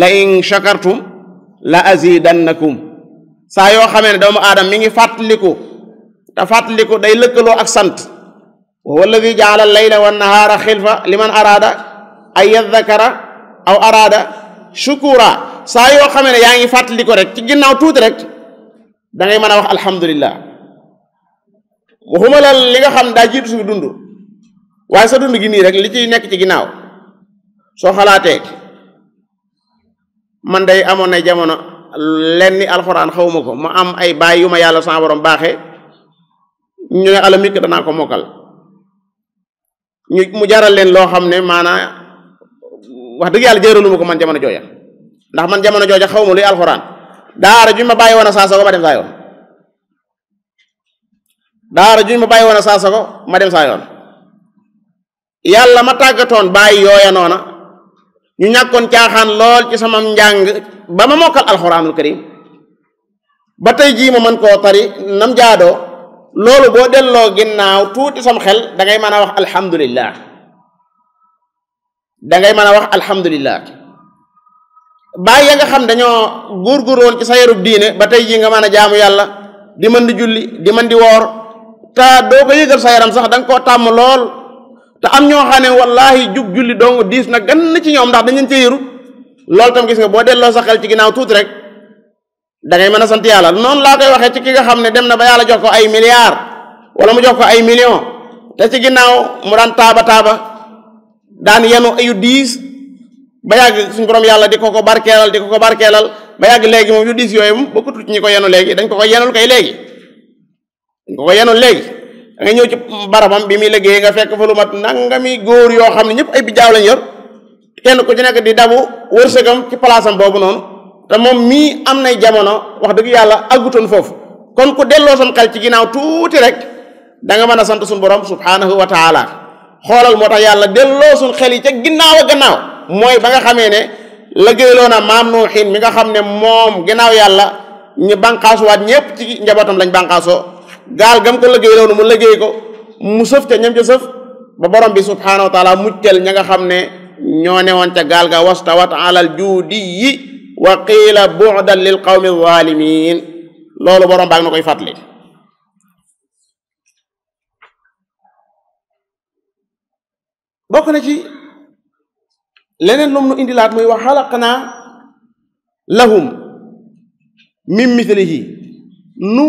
la in shakartum la azidannakum saa yoo xamee ne doomu aadama mi ngi fàttaliku te fàttaliku day lëkkaloo ak sant wa huwa alladi jaala layla wa nahaara xilfa liman araada ay yadakara aw araada shukura saa yoo xamee ne yaa ngi fàttaliku rek ci ginnaaw tuuti rek da ngay mën a wax alhamdulilah waxuma la li nga xam daa jiitu suñu dund waaye sa dund gi nii rek li ci nekk ci ginnaaw soo xalaatee man day amoon na jamono lenni alxuraan xawma ko mu am ay baay yu ma yàlla sa borom baaxe ñu ne alamik danaa ko mokkal ñu mu jaral leen loo xam ne maanaa wax dëgg yàlla jëraluma ko man jamono jooja ndax man jamono jooja xawma luy alxuraan daara juñ ma bàyyi woon a saasago saa yoon daara juñ ma bàyyi woon a ma dem saa yoon yàlla ma tàggatoon bàyyi yooya noona ñu ñàkkoon caaxaan lool ci sama njàng ba ma mokkal alxuraanul karim ba tey jii ma mën koo tari nam jaadoo loolu boo delloo ginnaaw tuuti sam xel dangay ngay mën a wax alhamdulillah dangay ngay mën a wax alhamdulillah bàyyi nga xam dañoo góorgóorloon ci sa yarub diine ba tey jii nga man a jaamu yàlla di man di julli di man di woor te doo ko yëgal sa yaram sax danga koo tàmm lool te am ñoo xam ne wallaahi jug julli dong diis na gann ci ñoom ndax dañ leen cee yëru loolu tam gis nga boo delloo sa xel ci ginnaaw tuuti rek da ngay mën a sant yàlla noonu laa koy waxee ci ki nga xam ne dem na ba yàlla jox ko ay milliards wala mu jox ko ay million te ci ginnaaw mu daan taaba taaba daan yenu ba yàgg suñu borom yàlla di ko ko barkeelal di ko ko barkeelal ba yàgg léegi moom yu diis yooyu moom bokkatul ci ñi ko yenu léegi dañ ko ko yenul kay léegi dañ ko ko yenul léegi da nga ñëw ci barabam bi muy liggéey nga fekk fa lu mat mi góor yoo xam ne ñëpp ay bijaaw lañ yor kenn ku ci nekk di dabu wërsëgam ci palaasam boobu noonu te moom mii am nay jamono wax dëgg yàlla aggutoon foofu kon ku delloo sam xel ci ginnaaw tuuti rek da nga mën a sant suñu borom subhanahu wa taala yàlla delloo suñ yi ca ginnaaw gannaaw mooy ba nga xamee ne liggéeyloo na maam nuuxin mi nga xam ne moom ginnaaw yàlla ñu bànqaasuwaat ñëpp ci njabootam lañ bànqaasoo gaal gam ko liggéeyloonu mu liggéey ko mu sëf ca ñam ca sëf ba borom bi subhaanahu wa taala muccal ña nga xam ne ñoo newoon ca gaal ga wastawat alal juudiyi wa qiila bu'dan lil qawmi zalimin loolu borom baa ngi na koy fàttali bokk na ci leneen moom indilaat muy wax xalaqnaa lahum min mithlihi nu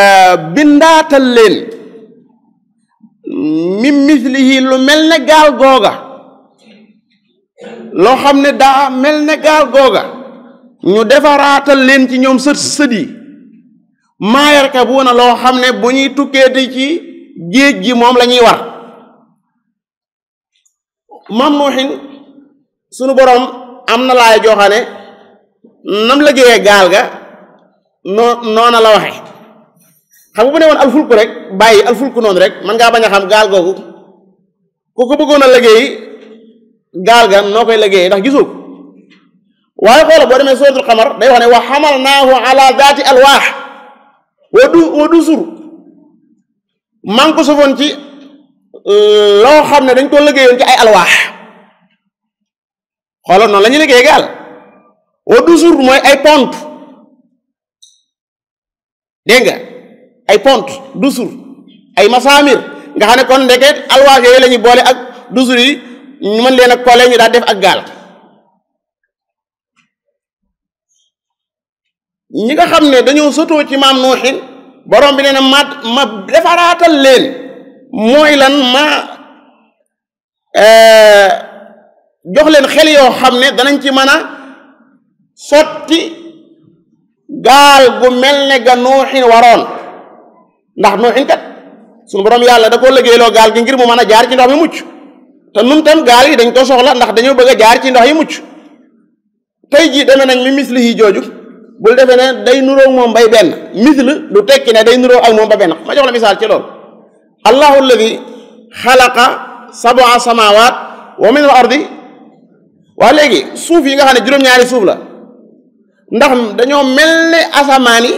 eh, bindaatal leen min mithlihi lu mel ne gaal googa loo xam ne daa mel ne gaal googa ñu defaraatal leen ci ñoom sët sët yi maayarka bu na loo xam ne bu ñuy tukkee di ci géej gi moom lañuy ñuy war maam nuuxin sunu boroom am na laay jooxane nam liggéeyee gaal ga noo noona la waxe xam nga bu ne woon alfulku rek bàyyi alfulku noonu rek man ngaa bañ a xam gaal googu ku ko bëggoon a liggéey gaal ga noo koy liggéeyee ndax gisul ko waaye xoola boo demee suratul xamar day wax ne wa xamal naahu ala daati alwaax wa du wa du sur maa ko sofoon ci loo xam ne dañ ko liggéeyoon ci ay alwaax xooloon noonu la ñuy liggéey gaal wa dusur mooy ay pont dégg nga ay pont dusur ay masaamir nga xam ne kon ndeke alwaax yooyu la ñuy boole ak dusur yi ñu mën leen ak kole ñu daal def ak gaal ñi nga xam ne dañoo sotoo ci maam nuuxin borom bi nee na ma ma defaraatal leen mooy lan ma euh, jox leen xel yoo xam ne danañ ci mën a sotti gaal gu mel ne ga nuuxin waroon ndax nuuxin kat suñu borom yàlla da koo liggéeyloo gaal gi ngir mu mën a jaar ci ndox mi mucc te nun tam gaal yi dañ koo soxla ndax dañoo bëgg a jaar ci ndox yi mucc tey jii demee nañ mi misli yi jooju bul defee ne day nuróog moom bay benn misli lu tekki ne day nuróog ak moom ba benn ma jox la misaal ci lool allahu alladi xalaqa sabaa samawat wa mel ni ardi waa léegi suuf yi nga xam ne juróom-ñaari suuf la ndax dañoo mel ne asamaan yi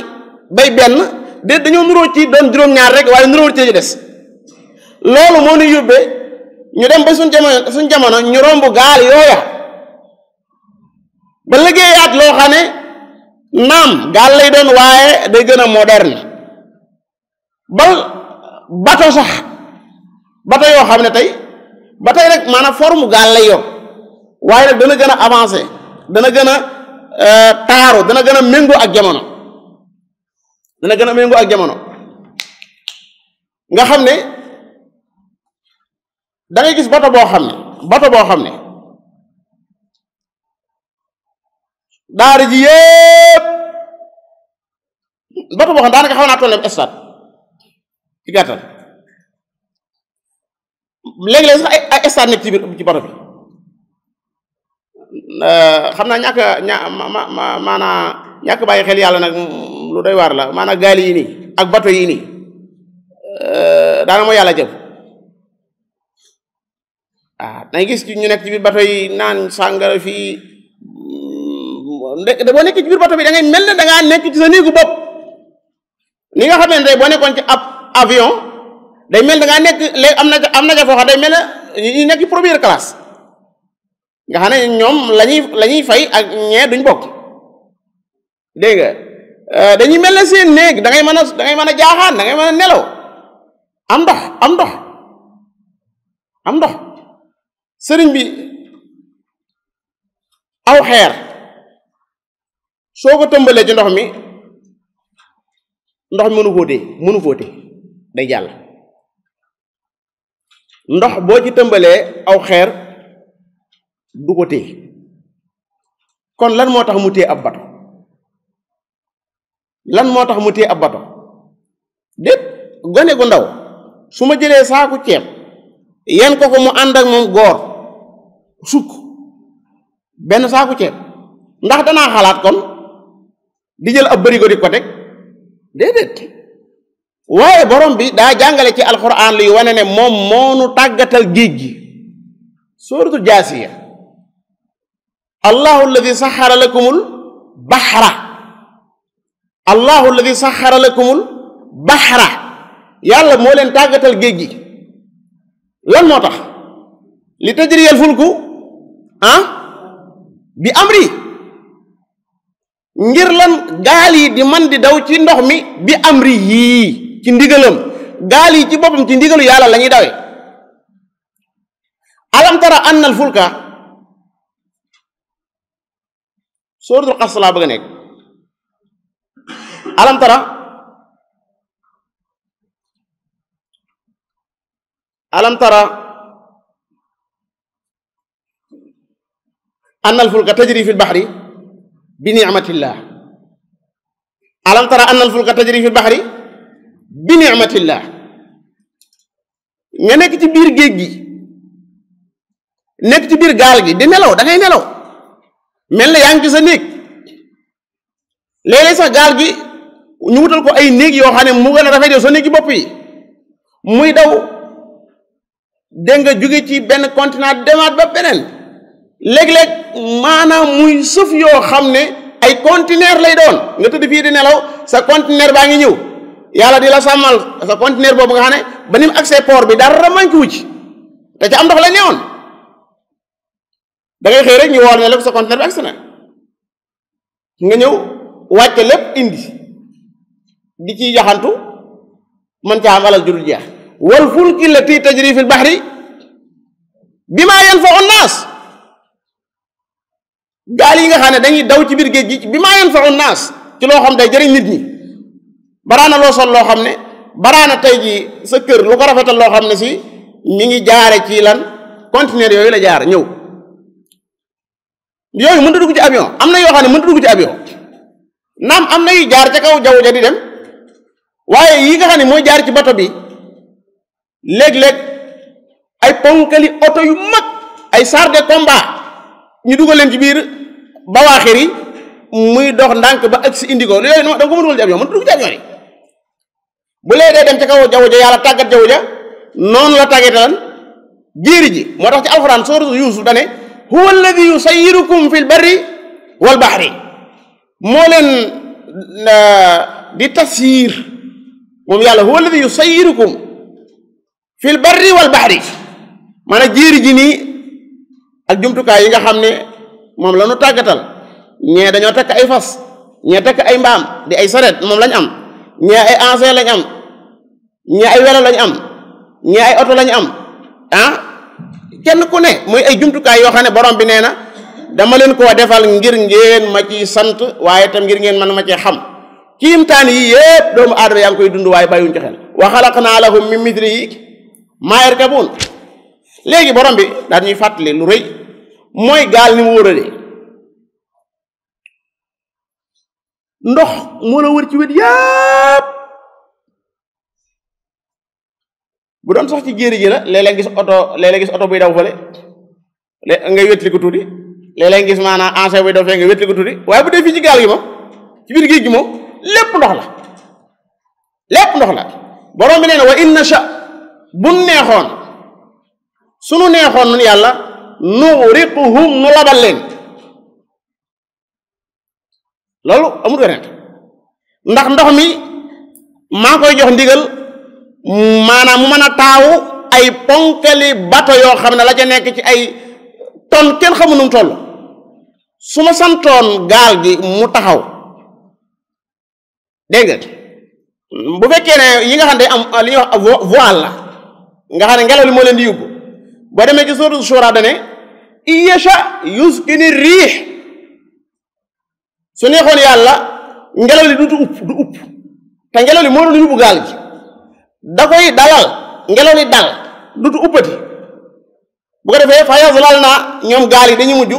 bay benn de dañoo nuróo ci doon juróom-ñaar rek waaye nuróo ci des loolu moo ñu yóbbee ñu dem ba suñ jamono suñ jamono ñu romb gaal yooya ba liggéeyaat loo xam ne naam gaal lay doon waaye day gën a moderne bal bato sax bato yoo xam ne tey ba tey rek maanaam forme gaal lay yor waaye nag dana gën a avancé dana gën a euh, taaru dana gën a méngoo ak jamono dana gën a méngoo ak jamono nga xam ne da ngay gis bato boo xam ne bato boo xam ne daara ji yëpp bato boo xam ne daanaka xaw naa toll stade ci gàttal léegi-léegi sax ay ay stade nekk ci biir bato bi euh, xam naa ñàkk ña ma ma ñàkk bàyyi xel yàlla nag lu doy waar la maanaa gaali yi nii ak bato yi nii euh, daana mooy yàlla jëm ah gis ñu nekk ci biir bato yi naan sàngara fii boo nekk ci biir bato bi da ngay mel ne da nekk ci sa néegu bopp ni nga xam ne boo nekkoon ci ab avion day mel da nekk léegi am na am na foo xam day mel ne ñu nekk première classe nga xam ne ñoom lañuy la ñuy fay ak ñee duñ bokk dégg euh, dañuy mel na seen néeg da ngay mën a da mën a jaaxaan dangay ngay mën a nelaw am am ndox am ndox sëriñ bi aw xeer soo ko tëmbalee ci ndox mi ndox mi mënu fóotee mënu fóotee day jàll ndox boo ci tëmbalee aw xeer du ko téye kon lan moo tax mu téye ab bato lan moo tax mu téye ab bato dépp gone gu ndaw su ma jëlee saaku ceeb yan ko ko mu ànd ak moom góor sukk benn saaku ceeb ndax danaa xalaat kon di jël ab bërigo di ko teg déedéet waaye borom bi daa jàngale ci alquran luy wane ne moom moonu tàggatal géej gi suratul jaasiya allahu alladi saxara lakumul baxra allahu alladi saxara lakumul baxra yàlla moo leen tàggatal géej gi lan moo tax li tajriyal fulku ah bi amri ngir lan gaal yi di man di daw ci ndox mi bi amri yii ci ndigalam gaal yi ci boppam ci ndigalu yàlla la ñuy dawe alam tara annal fulka sóoratul xas laa bëgg nekk alam tara alam tara annal fulka tajri fi lbaxri bi nicmatillah alam tara annal fulka tajri fi lbaxri bi nicmatillah nga nekk ci biir géej gi nekk ci biir gaal gi di nelaw dangay nelaw mel na yaa ngi ci sa néeg léeg-léeg sax gaal gi ñu wutal ko ay néeg yoo xam ne mu gën a rafetee sa néeg yi bopp yi muy daw dégg nga jóge ci benn continent demaat ba beneen léeg-léeg maanaam muy sëf yoo xam ne ay conteneur lay doon nga tëdd fii di nelaw sa conteneur baa ngi ñëw yàlla di la sàmmal sa conteneur boobu nga xam ne ba ni mu accès bi dara manqué ci te ca am ndox la newoon da ngay xëy rek ñu wool nga ñëw wàcce lépp indi di mën caa am alal ju dul jeex wal fulki lati tajri fil naas gaal yi nga xam ne dañuy daw ci biir géej gi bima yanfa'u naas ci loo xam day jëriñ nit ñi baraana loo sol loo xam ne baraana tey jii sa kër lu ko rafetal loo xam ne si mi ngi jaare ci lan conteneur yooyu la jaar ñëw yooyu mënut a ci avion am na yoo xam ne mënut a dugg ci avion naam am na jaar ca kaw jaww ja di dem nga xam ne mooy jaar ci bato bi léeg-léeg ay yu mag ay chars de combat ñu dugal leen ci biir bawaaxir yi muy dox ndànk ba ak si indigo yooyu da nga ko mën a dugal yi bu lee dee dem ca kaw jaww a yàlla tàggat jaww ja noonu la tàggate lan jéeri ji moo tax ci alxuraan sóoratu Yuusuf dane huwa alladi yusayirukum fil barri wal bahri moo leen di tasiir moom yàlla huwa alladi yusayirukum fil barri wal bahri maanaam jéeri ji nii ak jumtukaay yi nga xam ne moom la ñu tàggatal ñee dañoo takk ay fas ñee takk ay mbaam di ay saret moom lañ am ñee ay engin lañ am ñee ay welo lañ am ñee ay oto lañ am ah kenn ku ne mooy ay jumtukaay yoo xam ne borom bi nee na dama leen koo defal ngir ngeen ma ci sant waaye tam ngir ngeen man ma cee xam kiimtaan yi yépp doomu aadama yaa ngi koy dund waaye bàyyiwuñ ci xel wa xalaqnaa lahum min mithlihi maa yarkabuun léegi borom bi daal ñuy fàttali lu rëy mooy gaal ni mu ndox moo la wër ci wet yëpp bu doon sax ci jéeri ji la léeg gis oto léeg-léeg gis oto buy daw fële nga wétli ko tuuti léeg-léeg gis maanaam ancien buy daw fee nga wétli ko tuuti waaye bu dee fii ci gaal gi moom ci biir géej gi moom lépp ndox la lépp ndox la borom bi nee na wa in nasha bu neexoon sunu neexoon nun yàlla nuxriquhum nu labal leen loolu amul werante ndax ndox mi maa koy jox ndigal maanaam mu mën a taawu ay ponkali bato yoo xam ne la ca nekk ci ay ton kenn xamu nu mu toll su ma santoon gaal gi mu taxaw dégg bu fekkee ne yi nga xam ne am li ñuy wax voile la nga xam ne ngelaw li moo leen di yóbbu boo demee ci sóotu Shura dane iyasha yuskini riix su neexoon yàlla ngelaw li du upp du upp te ngelaw li moo lu yóbbu gaal gi da koy dalal ngelaw li dal du uppati bu ko defee fa yaslal naa ñoom gaal yi dañu mujj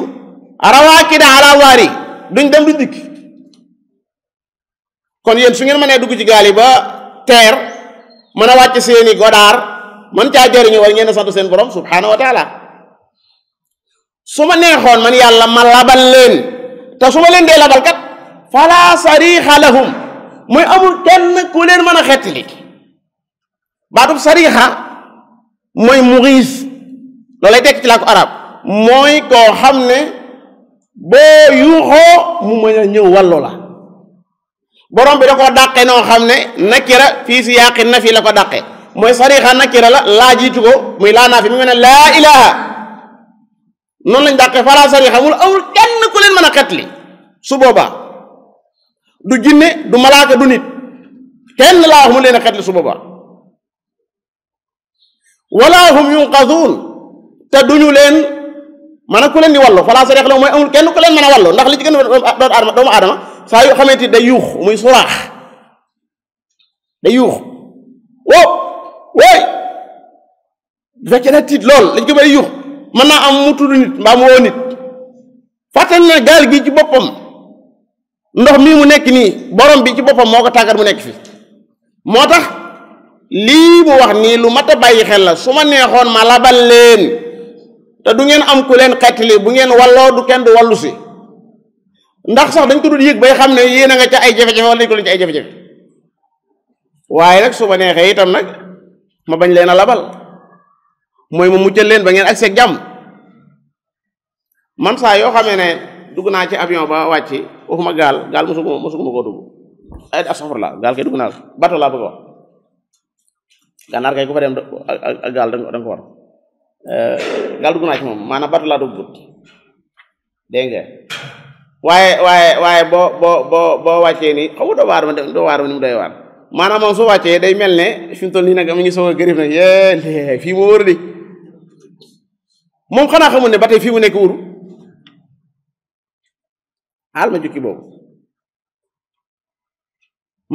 rawaakida ala waari duñ dem du dikk kon yéen su ngeen mënee dugg ci gaal yi ba teer mën a wàcc seeni godaar mën caa jëriñu war ngeen sant seen borom subhaanahu wa su ma neexoon man yàlla ma labal leen te su ma leen dee labal kat fala sariixa lahum muy amul kenn ku leen mën a xettali baatub sariixa mooy muriis loolay tekk ci laa ko arab mooy koo xam ne boo yuuxoo mu mën a ñëw wàllu la borom bi da koo noo xam ne nakira fii si yaaqin na fii la ko dàqe mooy sariixa nakira la laa ko muy laa naa fi mu ne laa ilaha noonu lañ dàqee falaa sariixa amul awul kenn ku leen mën a xetli su boobaa du jinne du malaaka du nit kenn laa wax mu leen a xetli su boobaa wala hum yunqazuun te duñu leen mën a ku leen di wallu falaa sariixa la mooy amul kenn ku leen mën a wallu ndax li ci gën a doon doomu aadama saa yu xamante day yuux muy suraax day yuux woo wooy bu fekkee na tiit lool lañ ko may yuux mën naa am mu tudd nit mbaa mu woo nit fàttali na gaal gi ci boppam ndox mii mu nekk nii borom bi ci boppam moo ko tàggat mu nekk fi moo tax lii mu wax nii lu mat bàyyi xel la su ma neexoon ma labal leen te du ngeen am ku leen xettali bu ngeen walloo du kenn du wallu si ndax sax dañ ko dul yëg bay xam ne yéen a nga ca ay jafe-jafe wala ay jafe waaye nag su ma neexee itam nag ma bañ leen a labal mooy mu muccal leen ba ngeen ak seeg jàmm man saa yoo xamee ne dugg naa ci avion ba wàcc waxuma gaal gaal mosuma mosuma koo dugg ay asafar la gaal laa dem ak gaal da eh, dugg naa ci moom maanaam bato laa duggut dégg nga waaye waaye waaye boo boo boo boo wàccee nii xaw doo waar ma doo waar ma ni mu doy waar maanaam moom su wàccee day mel ne fi mu toll nii nag mu ngi soo a gërëm nag yee fii moo wër di moom xanaa xamul ne ba tey fii mu nekk wuru aal ma jukki boobu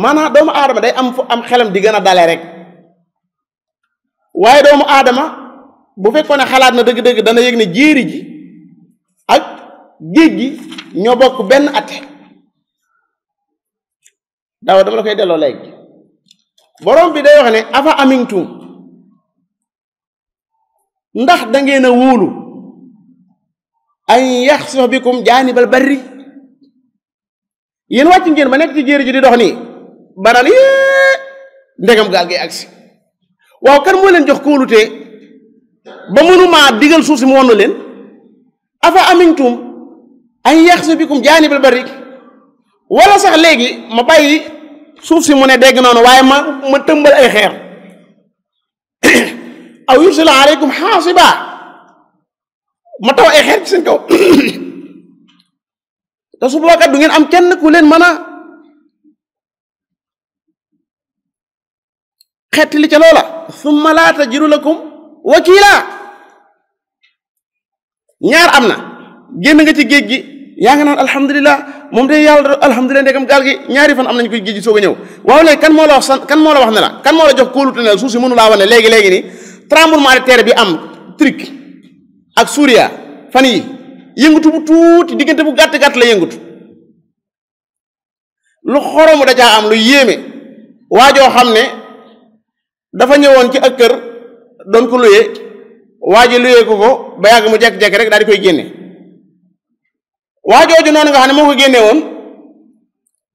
maanaam doomu aadama day am fu am xelam di gën a dale rek waaye doomu aadama bu fekkoon ne xalaat na dëgg-dëgg dana yéeg ne jéeri ji ak géej gi ñoo bokk benn atte daaw dama la koy delloo léegi borom bi day wax ne afa amintum ndax da ngeen a wóolu an yaxsuf bikum jaanibal barri yéen wàcc ngeen ba nekk ci jéeri ji di dox nii banaan yée ndegam gaal gi agsi waaw kan moo leen jox kóolute ba mënumaa digal suuf si mu wonnu leen afa amintum an yaxsuf bikum jaanibal bari wala sax léegi ma bàyyi suuf si mu ne degg noonu waaye ma ma tëmbal ay xeer aw yursila aleykum xaasiba ma taw ay xeer ci seen kaw te su boobaa du ngeen am kenn ku leen mën a li ca loola summa laa tajidu lakum wakiila ñaar am na génn nga ci géej gi yaa nga naan alhamdulilah moom de yàlla alhamdulilah ndegam gaal gi ñaari fan am nañ ko géej gi soog a ñëw waaw léegi kan moo la wax san kan moo la wax ne la kan moo la jox kóolute ne la suuf si mënu laa wane léegi léegi nii tremblement de terre bi am Turquie ak Suria fan yi yëngatu bu tuuti diggante bu gàtt gàtt la yëngatu lu xoromu da caa am lu yéeme waajoo xam ne dafa ñëwoon ci ak kër doon ko luyee waaji luyee ko ko ba yàgg mu jekk-jekk rek daal di koy génne waajooju noonu nga xam ne moo ko génne woon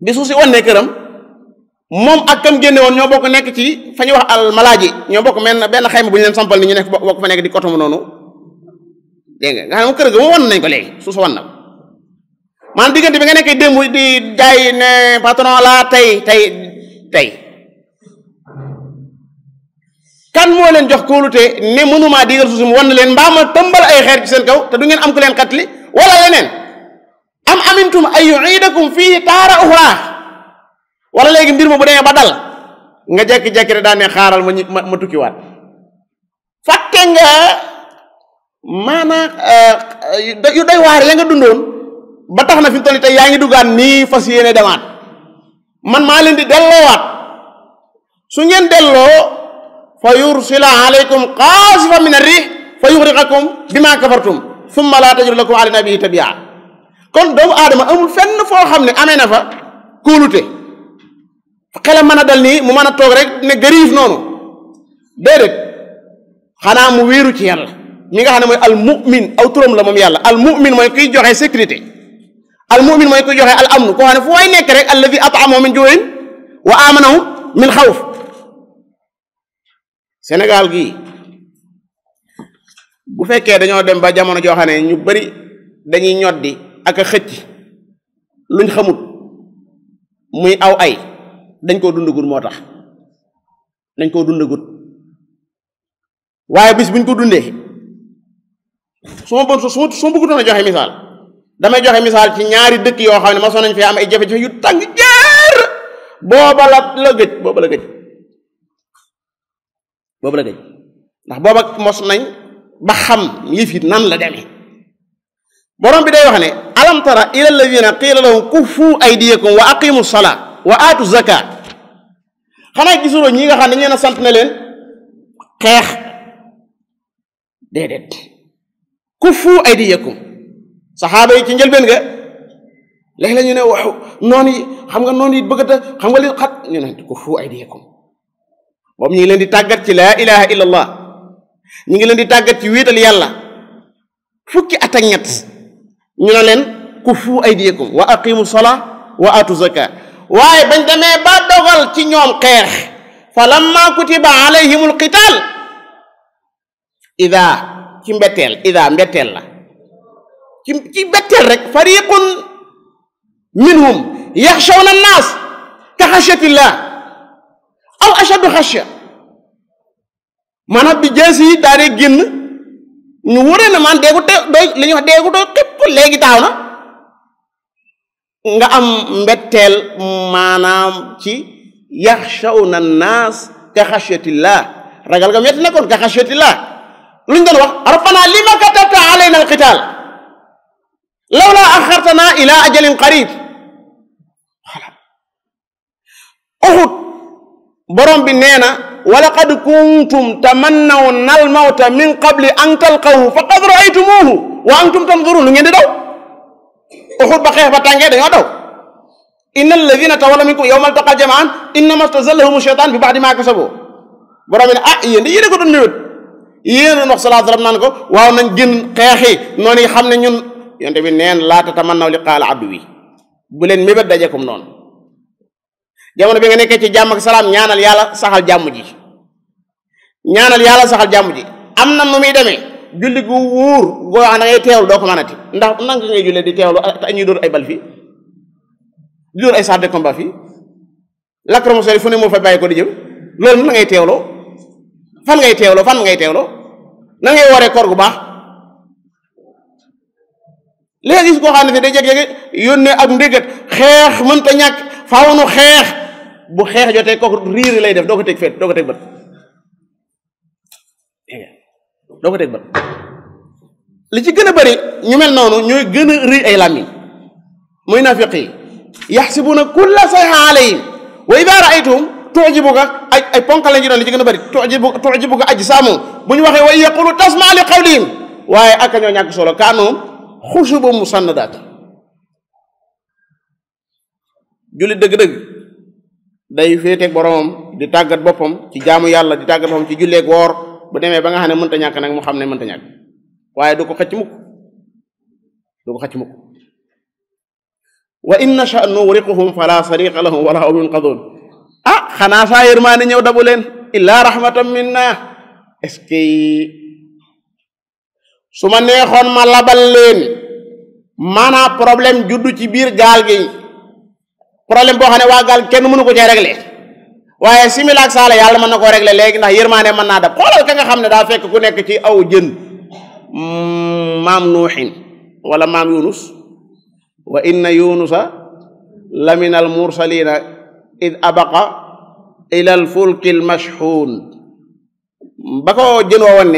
bi suuf si wannee këram moom ak kam génnewoon ñoo bokk nekk ci fa ñu wax al malaaji ñoo bokk menn benn xayma bu ñu leen sampal ni ñu nekk bokk fa nekk di kotamu noonu dégg nga xam ne mu wan nañ ko léegi suuf sa wan na ko bi nga nekkee démb di jaay ne patron la tey tey tey kan moo leen jox kóolute ne mënumaa digal suuf si mu wan leen mbaa ma tëmbal ay xeer ci seen kaw te du ngeen am ku leen xatli wala leneen am amintum ay yuidakum fii taara uxraa wala léegi mbir ma bu demee ba dal nga jekki-jekki rek daan ne xaaral ma ñu ma ma tukkiwaat fàtte nga maanaam euh, yu doy waar ya nga dundoon ba tax na fi mu toll tey yaa ngi duggaat nii fas yéene demaat man maa leen di delloowaat su ngeen delloo fa yursila aleykum qaasifa min arrih fa yuxriqakum bima kafartum summa laa tajid lakum alayna bihi tabia kon doomu aadama amul fenn foo xam ne amee na fa kóolute xelam mën a dal nii mu mën a toog rek ne gëriif noonu déedéet xanaa mu wéeru ci yàlla mi nga xam ne mooy al mu'min aw turam la moom yàlla al mu'min mooy kuy joxe sécurité al mu'min mooy kuy joxe al amnu koo xam ne fu waay nekk rek allazi at'amahu min ju'in wa amanahu min xawf Sénégal gii bu fekkee dañoo dem ba jamono joo xam ñu bari dañuy ñoddi ak a xëcc luñ xamut muy aw ay dañ koo dund dundagut moo tax dañ koo dundagut waaye bis buñ ko dundee su ma bon joxe misaal damay joxe misaal ci ñaari dëkk yoo xam ne ma nañ fi am ay jafe-jafe yu tàng jaar booba la la gëj booba la gëj ndax booba mos nañ ba xam yëf yi nan la demee borom bi day wax ne alam tara ila alladina qiila lahum kuffu aydiyakum wa aqimu salaa wa aatu zakat xanaa gisuloo ñi nga xam ne dañu leen a sant na leen xeex déedéet kuffu aydiyakum saxaaba yi ci njëlbeen nga léegi la ñu ne waaw noonu yi xam nga noonu yi bëgg a xam nga li xat ay ne kuffu boobu ñu ngi leen di tàggat ci laa ilaha illa allah ñu ngi leen di tàggat ci wéetal yàlla fukki at ak ñett ñu ne leen kuffu aydiyakum wa aqimu salaa wa aatu zakat waaye bañ demee ba dogal ci ñoom xeex fa lamma kutiba alayhimul qital ida ci mbetteel ida mbetteel la ci ci mbetteel rek fariqun minhum yaxshawna annaas ka xashyatillah aw ashaddu xashya maanaam bi jees yi daanee génn ñu wóoree na man déegu doy li ñuy wax déegu doy xëpp léegi taaw na nga am mbetteel maanaam ci yaxshawna annaas ka xashyatillah ragal nga metti na kon ka xashyatillah luñ doon wax rabbana lima katabta alayna alqital lawla axartana ila ajalin qarib uxut borom bi nee na walaqad kuntum tamannawna almawta min qabli an talqahu faqad raaytumuhu wa antum tanzurun lu ngeen di daw Uhud ba xeex ba tàngee dañoo daw inna alladina tawalla minkum yawmal taqal jamaan innama stazallahum sheytaan bi ba'di maa kasabu borom bi ne ah yéen di yéen ko doon nëwét yéen wax salaa salaam naan ko waaw nañ gën xeexi noonu xam ne ñun yonte bi neen laa tatamannaw liqaal abdu wi bu leen mébét dajeekum noonu jamono bi nga nekkee ci jàmm ak salaam ñaanal yàlla saxal jàmm ji ñaanal yàlla saxal jàmm ji am na nu muy demee julli gu wóor goo xam ne ngay teewlu doo ko mënati ndax nang ngay jullee di teewlu te ah, ñuy dóor ay bal fii di dóor ay chars de combat fii lacrymogène yi fu ne moo fa bàyyi ko di jëm loolu nan ngay teewloo fan ngay teewloo fan ngay teewloo nan ngay waree koor gu baax léegi gis koo xam ne day jeg-jege yónnee ak ndéggat xeex mënta ñàkk faaw nu xeex bu xeex jotee kooku riir lay def doo ko teg fet doo ko teg bët doo ko teg bët li ci gën a bari ñu mel noonu ñooy gën a rëy ay làmmiñ muy naafiq yi yaxsibuuna kulla sayha alayhim wa ida raaytuhum tujibuka ay ay ponka lañ ci doon li ci gën a bari ji tujibuka aj saamu bu ñu waxee way yaqulu tasma li qawlihim waaye ak ñoo ñàkk solo kaanoom xusubu musannadat jullit dëgg-dëgg day féeteeg boromam di tàggat boppam ci jaamu yàlla di tàggat boppam ci julleeg woor bu demee ba nga xam ne mënta ñàkk nag mu xam ne mënta ñàkk waaye du ko xëcc mukk du ko xëcc mukk wa in nasha nuwriquhum fala sariqa lahum wala hum yunqadun ah xanaa saa yërmaane ñëw dabu leen illaa rahmatan minna est-ce que su ma neexoon ma labal leen maanaa problème juddu ci biir gaal gi problème boo xam ne waa gaal kenn mënu ko cee régler waaye simila ak saala yàlla mën na koo régler léegi ndax yërmaane mën naa dab xoolal ka nga xam ne daa fekk ku nekk ci aw jën mm, maam nuuxin wala maam yunus wa inna yunusa la min al mursalina id abaqa ila fulki al ba ko jën wa wan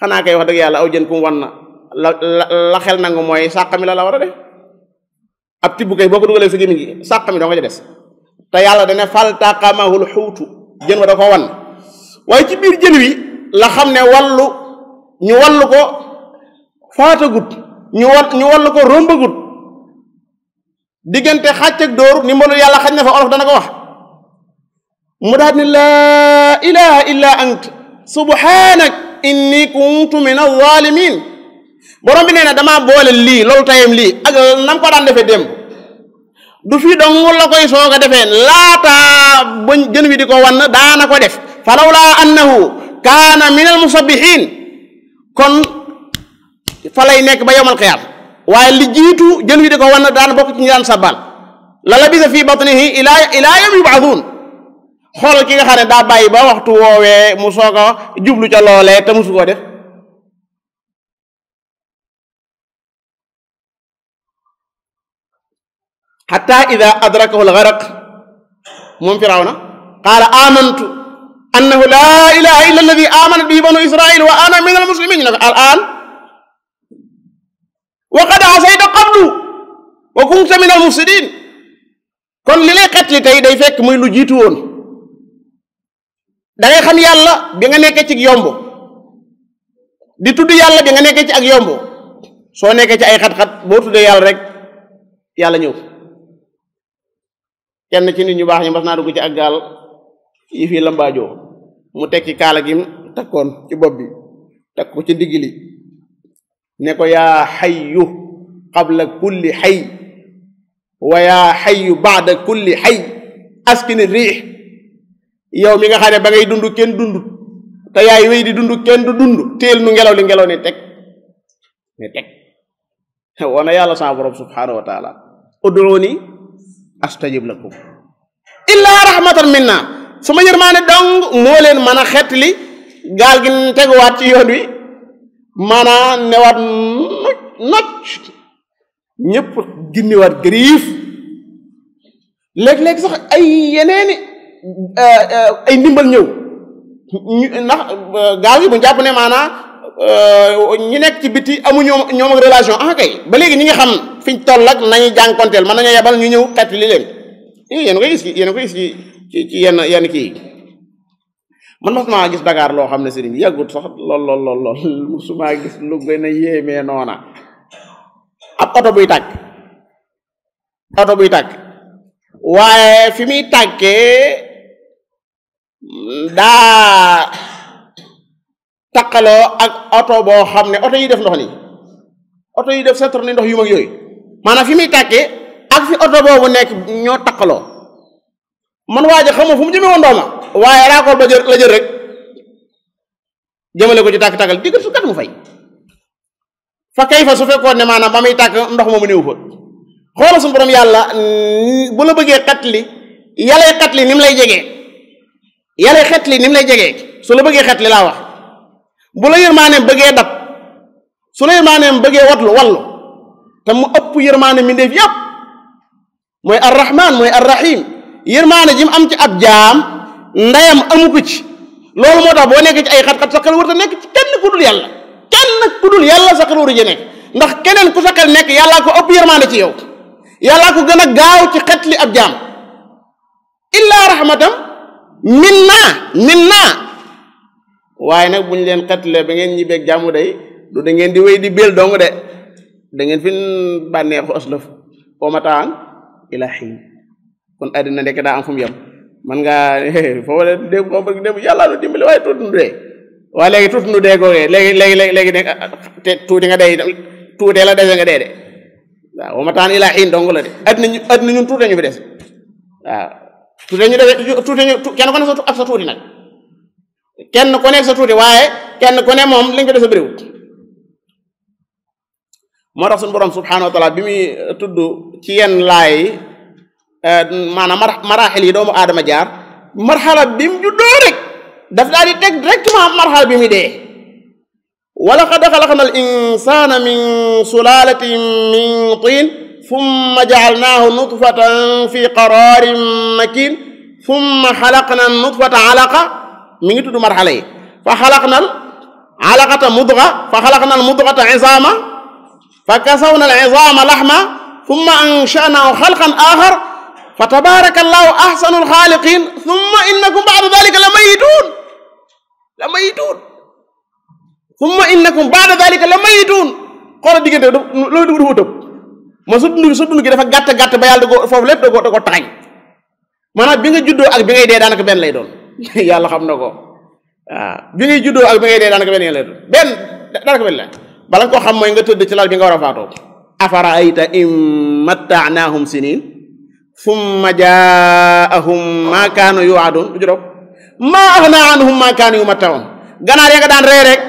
xanaa kay wax dëgg yàlla aw jën kum won na la la xel nangu mooy sàq mi la la war a def ab tibb kay boo ko dugalee sa gémmiñ gi sàq mi doo nga ca des te yàlla dane fal taqamahul xuutu jën wa da wan waaye ci biir jën wi la xam ne wallu ñu wallu ko faatagut ñu wal ñu wallu ko rombagut diggante xàcc dóor ni mbalul yàlla xaj na fa olof dana ko wax mu daat ni laa ilaha illa ant subhanak inni kuntu min alzalimin borom bi nee na damaa boole lii loolu tayam lii ak nam ko daan defee démb du fii dong la koy soog a defee laataa ba jën wi di ko wann daana ko def falawlaa annahu kaana min al musabbihin kon fa lay nekk ba yowmal qiyaam waaye li jiitu jën wi di ko wann daan bokk ci ñu daan sabbal la labisa fi batnihi ilaa ilaa yawmi yub'athuun xool ki nga xam ne daa bàyyi ba waxtu woowee mu soog wax jublu ca loolee te musu koo def xata ida adrakahu algaraq moom firawna qaala amantu annahu laa ilaha illa alladi amanat bihi banu israil wa ana min almuslimin ñu ne ko wa qad asayta qablu wa kunta min almufsidin kon li lay xet tey day fekk muy lu jiitu woon dangay ngay xam yàlla bi nga nekkee ci yomb di tudd yàlla bi nga nekkee ci ak yomb soo nekkee ci ay xat-xat boo tuddee yàlla rek yàlla ñëw kenn ci nit ñu baax ñu mas naa dugg ci ak gaal yi fii lambaajoo mu teg ci kaala gim takkoon ci bopp bi takk ko ci digg li ne ko yaa xayyu qabla kulli xay wa yaa xayyu baada kulli xay askini riix yow mi nga xam ne ba ngay dund kenn dund te yaay wéy di dund kenn du dund teel nu ngelaw li ngelaw ni teg ni teg wana yàlla sama borom subhaanahu wa taala udroni astajib lakum illaa rahmatan minna suma yërmaane dong moo leen mën a xettali gaal gi teguwaat ci yoon wi maanaa newaat noj noj ñëpp ginniwaat gëriif léeg-léeg sax ay yeneeni euh, euh, ay ndimbal ñëw ndax euh, gaal gi bu jàpp ne maanaa ñu nekk ci biti amu ñoom relation ah kay ba léegi ñi nga xam fiñ toll nag nañu jànkonteel mën nañu yebal ñu ñëw xettali leen yéen a koy gis yéen a koy gis ci yenn kii man mas maa gis Dakar loo xam ne sëriñ bi yàggut sax lool lool lool lool su maa gis lu gën a yéemee noona ab oto buy tàkk oto buy tàkk waaye fi muy tàkkee mm, daa taqaloo ak oto boo xam ne oto yi def ndox nii oto yi def sa tournée ndox yu yooyu maanaam fi muy tàkkee ak fi oto boobu nekk ñoo takkaloo man waaja xamuma fu mu jëmee woon dooma waaye raakool ba jël la jël rek jëmale ko ci tàkk-tàkkal digg su kat mu fay fa kay fa su fekkoon ne maanaam ba muy tàkk ndox moomu néew fa xoola suñu borom yàlla bu la bëggee xat li yàllay ni mu lay jegee yàllay xat li ni mu lay jegee su la bëggee xat li laa wax bu la yërmaaneem bëggee dab su la yërmaaneem bëggee watlu wallu te mu ëpp yërmaane mbindeef yépp mooy arrahman mooy arrahim yërmaane ji mu am ci ab jaam ndeyam amuko ci loolu moo tax boo nekk ci ay xat-xat sa xel warut a nekk ci kenn ku dul yàlla kenn ku dul yàlla sa xel warut a nekk ndax keneen ku sa xel nekk yàllaa ko ëpp yërmaane ci yow yàllaa ko gën a gaaw ci xetli ab jaam illaa rahmatam minna minna waaye nag bu ñu leen xetlee ba ngeen ñibbeeg jàmm day du da ngeen di wéy di béel dong de da ngeen fi bànneexu aslëf wa mataan ila xiin kon àddina nekk daa am fu mu yem man ngaa foofu la dégg moom bëgg dem yàlla lu dimbali nu dee waaye léegi tuuti léegi léegi léegi léegi nekk te tuuti nga dee tuutee la dese nga dee de waaw wa mataan ila xiin dong la de àddina ñu àddina ñun tuute ñu fi des waaw tuute ñu def tuute ñu kenn ku ne sa ak sa tuuti nag kenn ku nekk sa tuuti waaye kenn ku ne moom li nga ko def sa bëriwut moo tax suñu borom subxanahu wa bi muy tudd ci yenn laay eh, maanaam maraaxil yi doomu aadama jaar marxala bi mu juddoo rek daf daal di teg directement marxala bi mu dee wa laqad xalaqna al insana min sulalatin min tin summa jacalnaahu nutfatan fi qararin makin summa xalaqna nutfata alaqa mi ngi tudd marxala fa xalaqna al alaqata mudga fa xalaqna al mudgata isaama fa kasawna al izama lahma thumma anshanahu xalqan axar fa tabaraka allahu ahsanu alxaaliqin thumma innakum bada dalika la mayituun la mayituun thumma innakum bada dalika la tëb ma sa dund gi dafa gàtt gàtt ba yàlla ko foofu lépp da ko da ko taxañ bi nga juddoo ak bi ngay dee daanaka benn lay doon yàlla xam na ko waaw bi ngay juddoo ak bi ngay dee daanaka benn lay doon benn daanaka benn la bala nga ko xam mooy nga tëdd ci laal bi nga war a faatoo afara ayta im mattaanaahum sinin summa jaahum maa kaanu yu mattaawun ganaar ya nga daan rey rek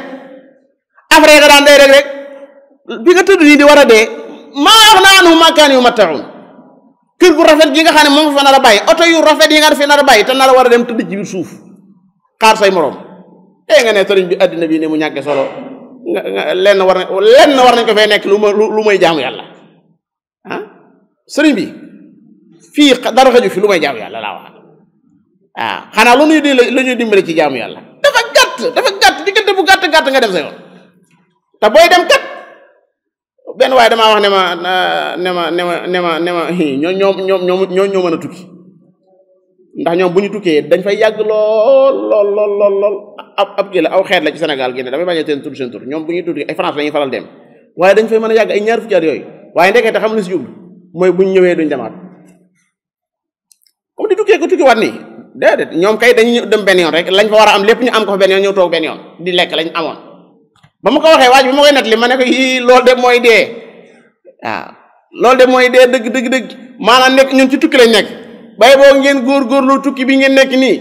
afra war a dee maa yu mattaawun kër gu rafet nga xam ne moom fa nar a bàyyi oto rafet yi nga fi nar a bàyyi war a dem tëdd ci suuf xaar say morom tey nga bi àddina bi mu ñàkke solo lenn war na lenn war nañ ko fay nekk lu ma lu may jaamu yàlla ah? sëriñ bi fii dara xaju fi lu may jaamu yàlla laa wax ah, xanaa lu nuy di lu ñuy dimbale ci jaamu yàlla dafa gàtt dafa gàtt diggante bu gàtt gàtt nga dem sa yoon te booy dem kat benn waaye damaa wax ne ma nema ma ne ma ne ma ne ñoom ñoom ñoom ñoom ñoo tukki ndax ñoom bu ñu tukkee dañ fay yàgg lool lool lool lool ab ab kii aw xeet la ci Sénégal gi damay bañ a teen tudd seen tur ñoom bu ñuy tudd ay France la ñuy faral dem waaye dañ fay mën a yàgg ay ñaar fukki at yooyu waaye ndekete xam lu si jublu mooy buñ ñëwee duñ demaat comme di tukkee ñoom kay dañu dem benn yoon rek lañ fa war a am lépp ñu am ko fa benn yoon ñëw toog di lekk lañ amoon ba mu ko waxee waaj bi ma koy ma ne loolu de mooy dee waaw loolu de mooy dee dëgg dëgg dëgg maanaam nekk ñun ci tukki lañ nekk bay boo ngeen góor góorlu tukki bi ngeen nekk nii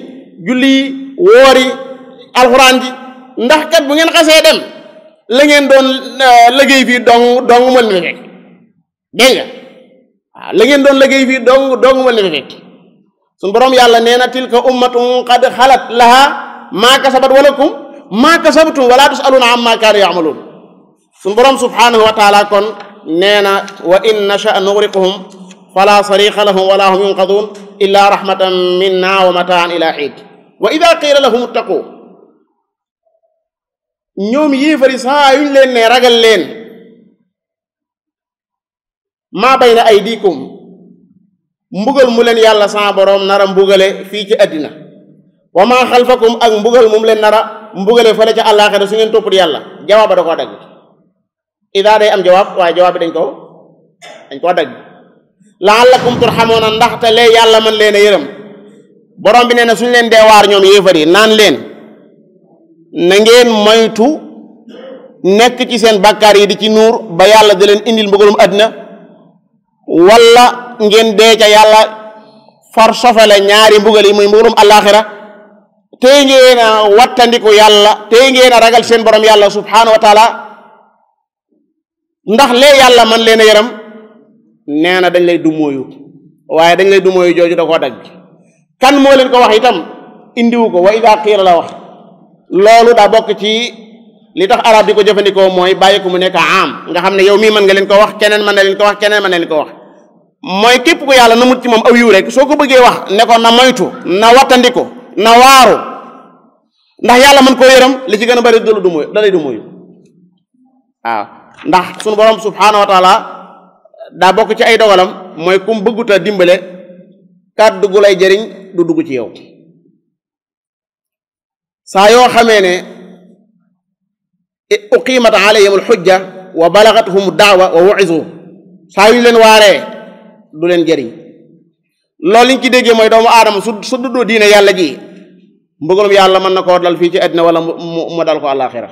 julli woori alxuraan ji ndax kat bu ngeen xasee dem la ngeen doon euh, liggéey fii dong dong mën na fekk dégg nga waaw la ngeen doon liggéey fii dong dong mën na fekk suñu borom yàlla nee na tilka ummatun qad xalat laha maa kasabat walakum maa kasabtum wala tusaluna amma kaanu yaamaluun suñu borom subhanahu wa taala kon nee na wa in nasha nughriqhum fala sariqa lahum wala hum yunqadun illa rahmatan minna wa mataan ila xiid wa ida qiila lahum ittaqu ñoom yéefari saa yuñ leen ne ragal leen maa bay na ay diikum mbugal mu leen yàlla saa boroom nara mbugale fii ci àddina wa maa xalfakum ak mbugal mum leen nara mbugale fa ca àllaaxira su ngeen topput yàlla jawaab ba da koo dagg idaa day am jawaab waaye jawaab bi dañ koo dañ koo dagg laallakum turxamoona ndaxte lee yàlla man leen a yërëm borom bi nee na suñ leen dee waar ñoom yéefar yi naan leen na ngeen moytu nekk ci seen bakkaar yi di ci nuur ba yàlla di leen indil mbëggalum àddina wala ngeen dee yàlla far sofale ñaari mbugal yi muy mbugalum àllaaxira tey ngeen a wattandiku yàlla tey ngeen a ragal seen borom yàlla subhaanahu ndax lee yàlla man leen a yaram nee na dañ lay dumóoyu waaye dañ lay dumóoyu jooju da koo dagg kan moo leen ko wax itam indiwu ko wa ida qiila la wax loolu daa bokk ci li tax arab di ko jëfandikoo mooy bàyyi ko mu nekk am nga xam ne yow mii mën nga leen ko wax keneen mën na leen ko wax keneen mën na leen ko wax mooy képp ko yàlla na namut ci moom aw yiw rek soo ko bëggee wax ne ko na moytu na wattandiku na waaru ndax yàlla mën koo yëram li ci gën a bari dala du muy dalay du muy waaw ndax sunu borom subhaanahu wa taala daa bokk ci ay dogalam mooy kum bëgguta dimbale kàddu gu lay jëriñ du dugg ci yow saa yoo xamee ne uqimat alayhim alxujja wa balagathum daawa wa wuizu saa yu leen waaree du leen jëriñ loolu liñ ci déggee mooy doomu aadama su su duddoo diine yàlla ji mbëgalum yàlla mën na koo dal fii ci àddina wala mu dal ko àllaaxira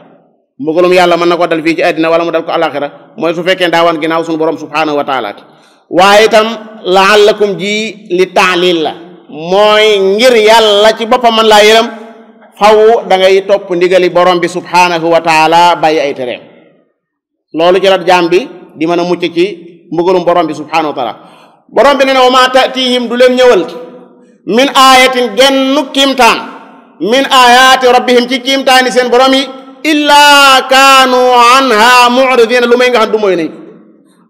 yàlla mën na koo dal fii ci àddina wala mu dal ko àllaaxira mooy su fekkee ndaawaan ginnaaw suñu borom subhaanahu wa taala waaye itam laallakum ji li taalil la mooy ngir yàlla ci boppam man laa yërëm faw da ngay topp ndigali borom bi subhaanahu wa taala bàyyi ay tereem loolu ci la jaam bi di mën a mucc ci mbugalum borom bi subhaanahu wa taala borom bi ne ne wa maa du leen ñëwal min ayatin gennu kiimtaan min ayaati rabbihim ci kiimtaani seen borom yi illaa kaanu anha muridina lu may nga xam du mooy nañ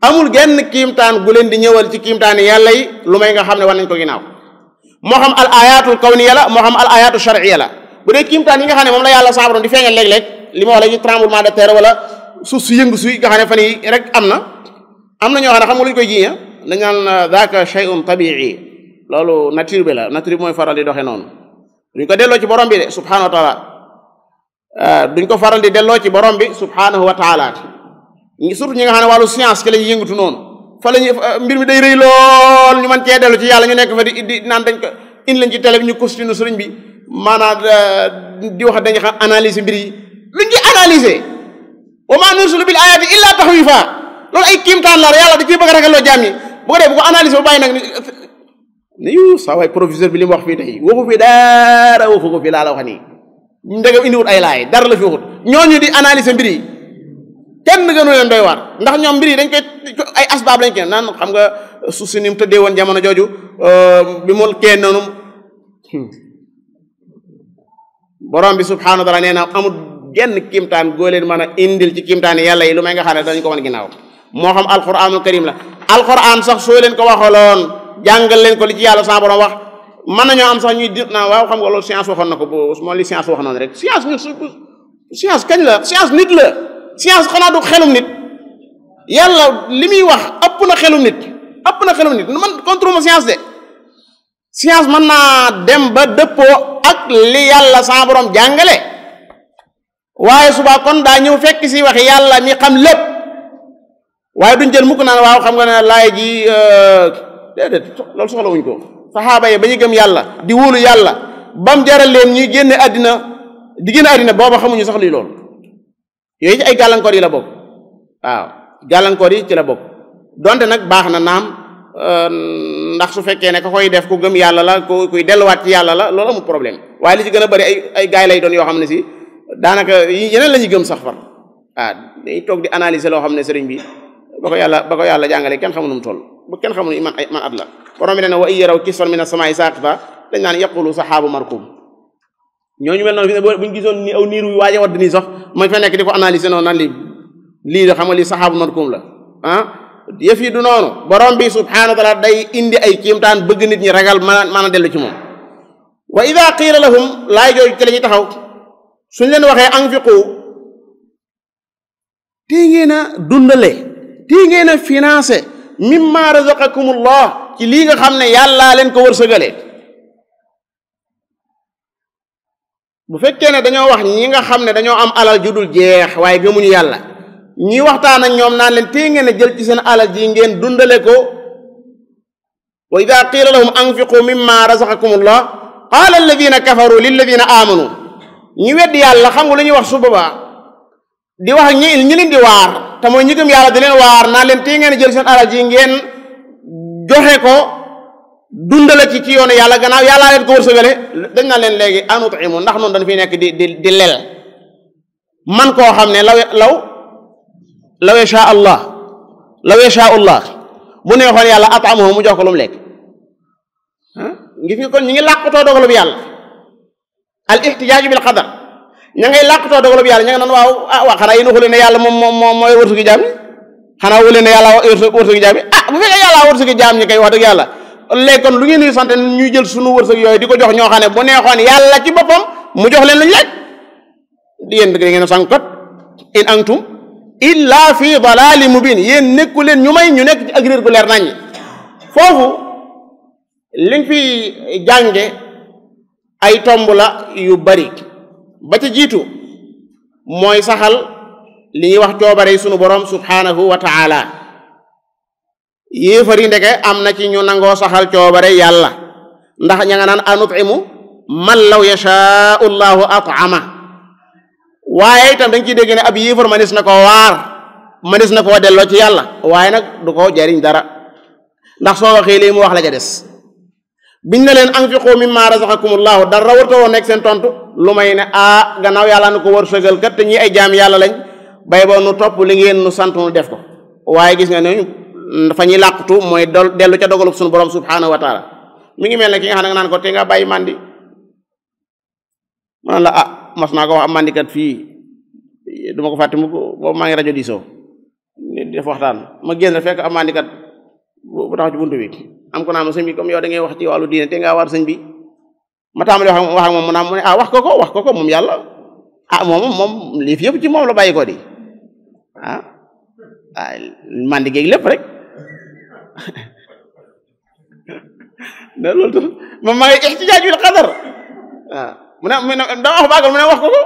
amul genn kiimtaan gu leen di ñëwal ci kiimtaani yàlla yi lu may nga xam ne war nañ ko ginnaaw moo xam al ayatul kawniya la moo xam al ayatul la bu dee kiimtaan yi nga xam ne moom la yàlla saabaroon di feeñal léeg-léeg li ma wax léegi tremblement de terre wala suuf su yëngu su nga xam ne fan yi rek am na am na ñoo xam ne xam nga lu ñu koy jiñe dañ naan daaka shay'un tabii nature bi la nature mooy faral di doxee noonu duñ ko delloo ci borom bi de subhanahu wa taala ah, duñ ko faral di delloo ci borom bi subhanahu wa taala surtout ñu nga xam ne wàllu science ci la ñuy yëngatu noonu fa la ñuy mbir mi day rëy lool ñu mën cee dellu ci yàlla ñu nekk fa di di naan dañ ko in lañ ci télé bi ñu costume sëriñ bi maanaam euh, di wax dañuy xam analyse mbir yi luñ ci analyser wa maa nursilu bil ayaati illa taxwiifa loolu ay kiimtaan la yàlla da ciy bëgg a ragaloo jaam yi bu ko def bu ko analyser bu bàyyi nag niu saa bi li mu wax fii tey waxu fi dara waxu laa la wax nii ndegam ay laay dara la fi waxut ñooñu di analise mbir yi kenn gënu leen doy waar ndax ñoom mbir yi dañ koy ay asbaab lañ koy naan xam nga suuf si ni mu tëddee woon jamono jooju euh, bi mu kee noonu hmm. borom bi subhanahu wa taala nee na amul genn kimtaan goo leen mën a indil ci kimtaan yàlla yi lu may nga xam dañu ko mën ginnaaw moo xam alquranul karim la alquran sax soo leen ko waxaloon jàngal leen ko li ci yàlla sa borom wax mën nañoo am sax ñuy di naa waaw xam nga loolu science waxoon na ko bo moo li science wax noonu rek science ñu science kañ la science nit la science xanaa du xelum nit yàlla li muy wax ëpp na xelum nit science mën naa dem ba dëppoo ak li yàlla sa borom jàngale waaye suba kon daa ñëw fekk si waxi yàlla mi xam lépp waaye duñ jël mukk naan waaw xam nga ne laay ji euh, déedéet loolu soxla wuñ ko saxaaba yi ba ñu gëm yàlla di wóolu yàlla bam jaral leen ñuy génne àddina di génne àddina booba xamuñu sax luy loolu yooyu ci ay gàllankoor yi la bokk waaw gàllankoor yi ci la bokk donte nag baax na naam euh, ndax su fekkee ne ka koy def ku gëm yàlla la ku kuy delluwaat ci yàlla la loolu amul problème waaye li ci gën a bëri ay ay gaay lay doon yoo xam ne si daanaka yeneen la ñuy gëm sax far ah dañuy toog di analyser loo xam ne sëriñ bi ba ko ba ko yàlla jàngalee kenn xamu nu mu toll ba kenn xamu nu man man at la borom bi ne ne wa iyaraw kisfan min as-samaa'i saaqita mel noonu fi ne buñ gisoon ni aw niir yu waaje wadd nii sax ma fa nekk di ko analyser noonu naan li lii da xam nga li saxaabu markuum la ah? yëf yi du noonu borom bi subhanahu day indi ay kiimtaan bëgg nit ñi ragal mën mën a dellu ci moom wa ida qiila lahum laay ci la ñuy taxaw suñ leen waxee anfiqu tée ngeen a dundale tée ngeen a financé mimma razaqakum allah ci lii nga xam ne yàllaa leen ko wërsëgale bu fekkee ne dañoo wax ñi nga xam ne dañoo am alal ju dul jeex waaye gëmuñu yàlla ñi waxtaan ak ñoom naan leen tey ngeen a jël ci seen alal ji ngeen dundale ko wa ida qiila lahum anfiqu mimma razaqakumullah qaala alladina kafaru lilladina amanu ñi weddi yàlla xam nga lañuy wax su boobaa di wax ak ñi ñi leen di waar te mooy ñi gëm yàlla di leen waar naan leen tey ngeen a jël seen alal ji ngeen joxe ko dundale ci ci yoon yàlla gannaaw yàllaa leen ko wërsëgale dañ naan leen léegi anutimu ndax noonu dañ fi nekk di di di lel man koo xam ne law law law yashaa allah lawee yashaa allah mu neexoon yàlla atamahu mu jox ko lu mu lekk gis nga kon ñi ngi làqutoo dogalub yàlla al ihtijaaju bil qadar ña ngay làqutoo dogalub yàlla ña nga naan waaw ah waa xanaa yéen waxuleen ne yàlla moom moom moo mooy wërsëgu jaam ñi xanaa waxuleen ne yàlla wërsëgu jaam ñi ah bu fekkee yàlla wërsëgu jaam ñi kay wax dëgg yàlla léegi kon lu ngeen di sant ñuy jël sunu wërsëg yooyu di ko jox ñoo xam ne bu neexoon yàlla ci boppam mu jox leen lañ laaj di yéen dëgg ngeen sànq kot in illa fi dalaali mubin yéen nekku leen ñu may ñu nekk ci ak réer gu leer naññ foofu liñ fi jànge ay tomb la yu bari ba ca jiitu mooy saxal li ñuy wax coobare sunu borom subhanahu wa ta'ala yéefar yi ndeke am na ci ñu nangoo saxal coobare yàlla ndax ña nga naan anutimu man law yashaa'u llahu at'ama waaye itam dañ ciy dégg ne ab yéefar manis na koo waar manis na koo delloo ci yàlla waaye nag du ko jariñ dara ndax soo waxee lii mu wax la ca des biñ ne leen anfiqu mimma razaqakumullahu dara warta woon nekk seen tontu lu may ne ah gannaaw yàlla na ko war sëgal kat te ñi ay jaam yàlla lañ bay boo nu topp li ngeen nu sant nu def ko waaye gis nga ne fa ñuy làqutu mooy dol dellu ca dogalub suñu borom subhanahu wa taala mi ngi mel ne ki nga xam naan ko te nga bàyyi mas naa ko wax am mandikat fii duma ko fàtte mu ko boobu maa ngi rajo diisoo di def waxtaan ma génn fekk am màndikat bu taxaw ci buntu bi am ko naa ma sëñ bi comme yow da ngay wax ci wàllu diine te ngaa war sëñ bi ma tàmbali wax ak moom ne ah wax ko ko wax ko ko moom yàlla ah, lii fi yëpp ci moom la bàyyi ko di ah ah mandi géeg lépp rek da loolu tax moom maa ngi ex ci jaajul xadar ah. mu ne mu ne dama wax baagal mu ne wax ko ko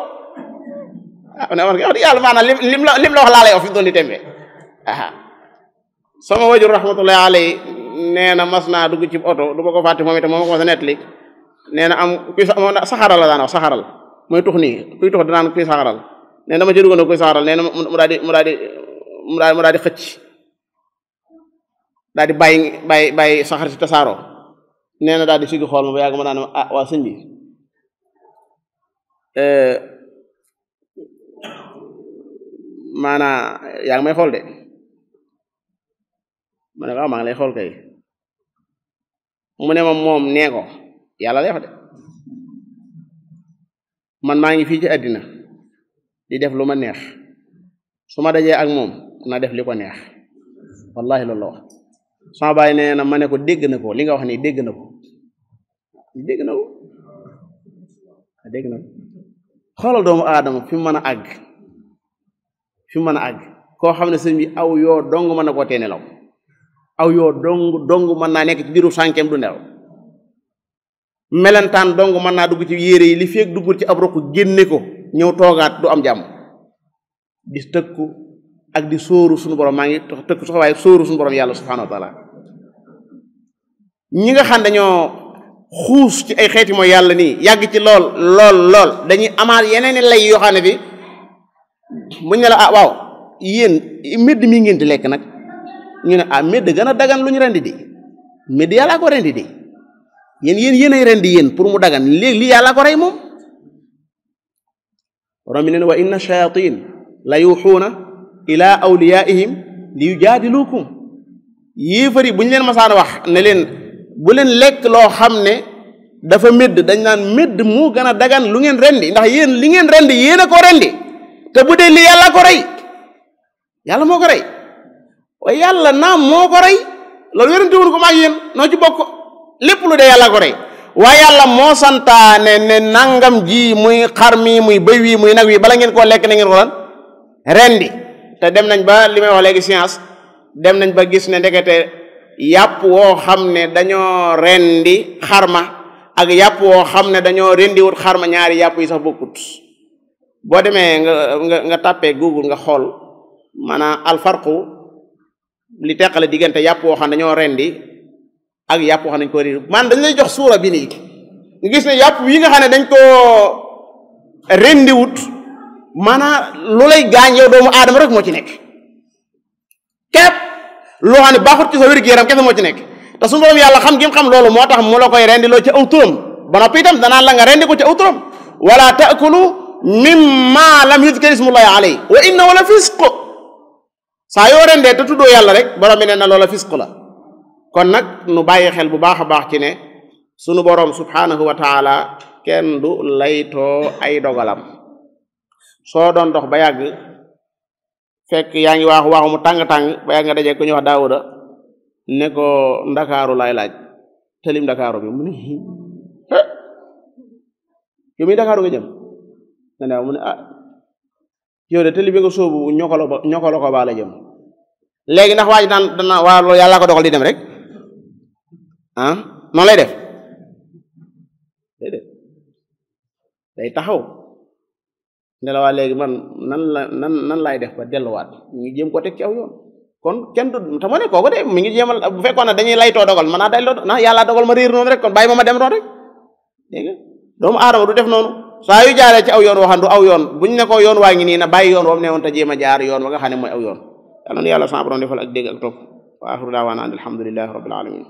ah mu ne wax dëgg yàlla maanaam lim lim la lim la wax laa lay wax fi mu toll nii tembe ah sama wajur rahmatullahi alayhi nee na mas naa dugg ci oto du ma ko fàtte moom itam moo ma ko mas a nettali nee na am kuy saxaral la daan wax saxaral mooy tux nii kuy tux danaan kuy saxaral nee na dama ci duggoon kuy saxaral nee na mu daal di mu daal di mu daal mu daal di xëcc daal di bàyyi bàyyi bàyyi saxar si tasaaroo nee na daal di sigi xool ma ba yàgg ma naan ah waa sëñ bi. Eh, maana yaa ngi may xool de ma ne ko ah, maa ngi lay xool kay mu ne ma moom nee ko yàlla lay de man maa ngi fii ci àddina di def lu ma neex su ma dajee ak moom na def li ko neex wallahi loolu la wax sama baay nee na ma ne ko dégg na ko li nga wax nii dégg na ko dégg na ko dégg na ko xoolal doomu aadama fi mu mën a àgg fi mu mën a àgg koo xam ne sëñ bi aw yoo dong mën na koo tee nelaw aw yoo dong dong mën naa nekk ci biiru sànkeem du nelaw melentaan dong mën naa dugg ci yére yi li feeg duggul ci ab rokk génne ko ñëw toogaat du am jàmm di tëkku ak di sóoru suñu borom maa ngi tëkku sax waaye sóoru suñu borom yàlla subhanahu wa taala ñi nga xam dañoo xuus ci ay xeeti mooy yàlla nii yàgg ci lool lool lool dañuy amaal yeneen lay yoo xam ne bi muñ ne la ah waaw yéen médd mi ngeen di lekk nag ñu ne ah médd gën a dagan lu ñu rendi di médd yàllaa ko rendi di yéen yéen yéen ay rendi yéen pour mu dagan léegi lii yàllaa ko rey moom borom bi nee na wa inna shayatin la yuxuuna ila awliyaihim li yujaadilukum yéefari bu ñu leen masaan wax ne leen bu leen lekk loo xam ne dafa medd dañ naan médd mu gën a dagan lu ngeen rendi ndax yéen li ngeen rendi yéen a ko rendi te bu dee li yàlla ko rey yàlla moo ko rey yàlla naam moo ko loolu werante wun ko maag yéen noo ci lépp lu dee yàlla ko rey waaye yàlla moo santaane ne nangam ji muy xar mi muy bëy wi muy nag wi bala ngeen koo lekk na ngeen ko lan rendi te dem nañ ba li wax léegi science dem nañ ba gis ne ndekete yàpp woo xam ne dañoo rendi xarma ak yàpp woo xam ne dañoo rendiwut wut ma ñaari yàpp yi sax bokkut boo demee nga nga tàppee google nga xool maanaam alfarqu li teqale diggante yàpp woo xam ne dañoo rendi ak yàpp woo xam ko rendi man dañ lay jox suura bi nii nga xam ne dañ koo rendi wut maanaam lu lay gaañ yow doomu aadama rek moo ci nekk loo xam ne baaxut ci sa wér-gu-yaram kese moo ci nekk te suñu borom yàlla xam gi mu xam loolu moo tax mu la koy rendi loo ci aw turam ba noppi itam danaan la nga rendi ko ci aw turam wala mi mimma lam yuzkar ismullahi alayhi wa innahu la fisq saa yoo rendee te tuddoo yàlla rek borom bi nee na loola fisq la kon nag nu bàyyi xel bu baax a baax ci ne sunu borom subhanahu wa taala kenn du laytoo ay dogalam soo doon dox ba yàgg fekk yaa ngi waaxu waaxu mu tàng-tàng ba yaa nga dajee ku ñuy wax daawuda ne ko ndakaaru laay laaj tëlim ndakaaru bi mu ne yow mi ndakaaru nga jëm nga ne ah, mu ne ah ba ñokalo ko baa la jëm léegi ndax waa dana waa loolu yàlla ko dogal di dem rek ah noonu lay def day taxaw ne la waa léegi man nan la nan nan laay def ba delluwaat ñu jëm ko teg ci aw yoon kon kenn du te moo ne kooku de mi ngi jéemal bu fekkoon ne dañuy laytoo dogal man naa delloo na yàlla dogal ma réer noonu rek kon bàyyi ma ma dem noonu rek dégg nga doomu aadama du def noonu saa yu jaaree ci aw yoon waxandu aw yoon buñ ne ko yoon waa ngi nii na bàyyi yoon woom ne woon te jéem a jaar yoon wa nga xam ne mooy aw yoon yàlla na yàlla sama borom defal ak dégg ak topp wa axiru daawaana an alhamdulillahi rabbil alamin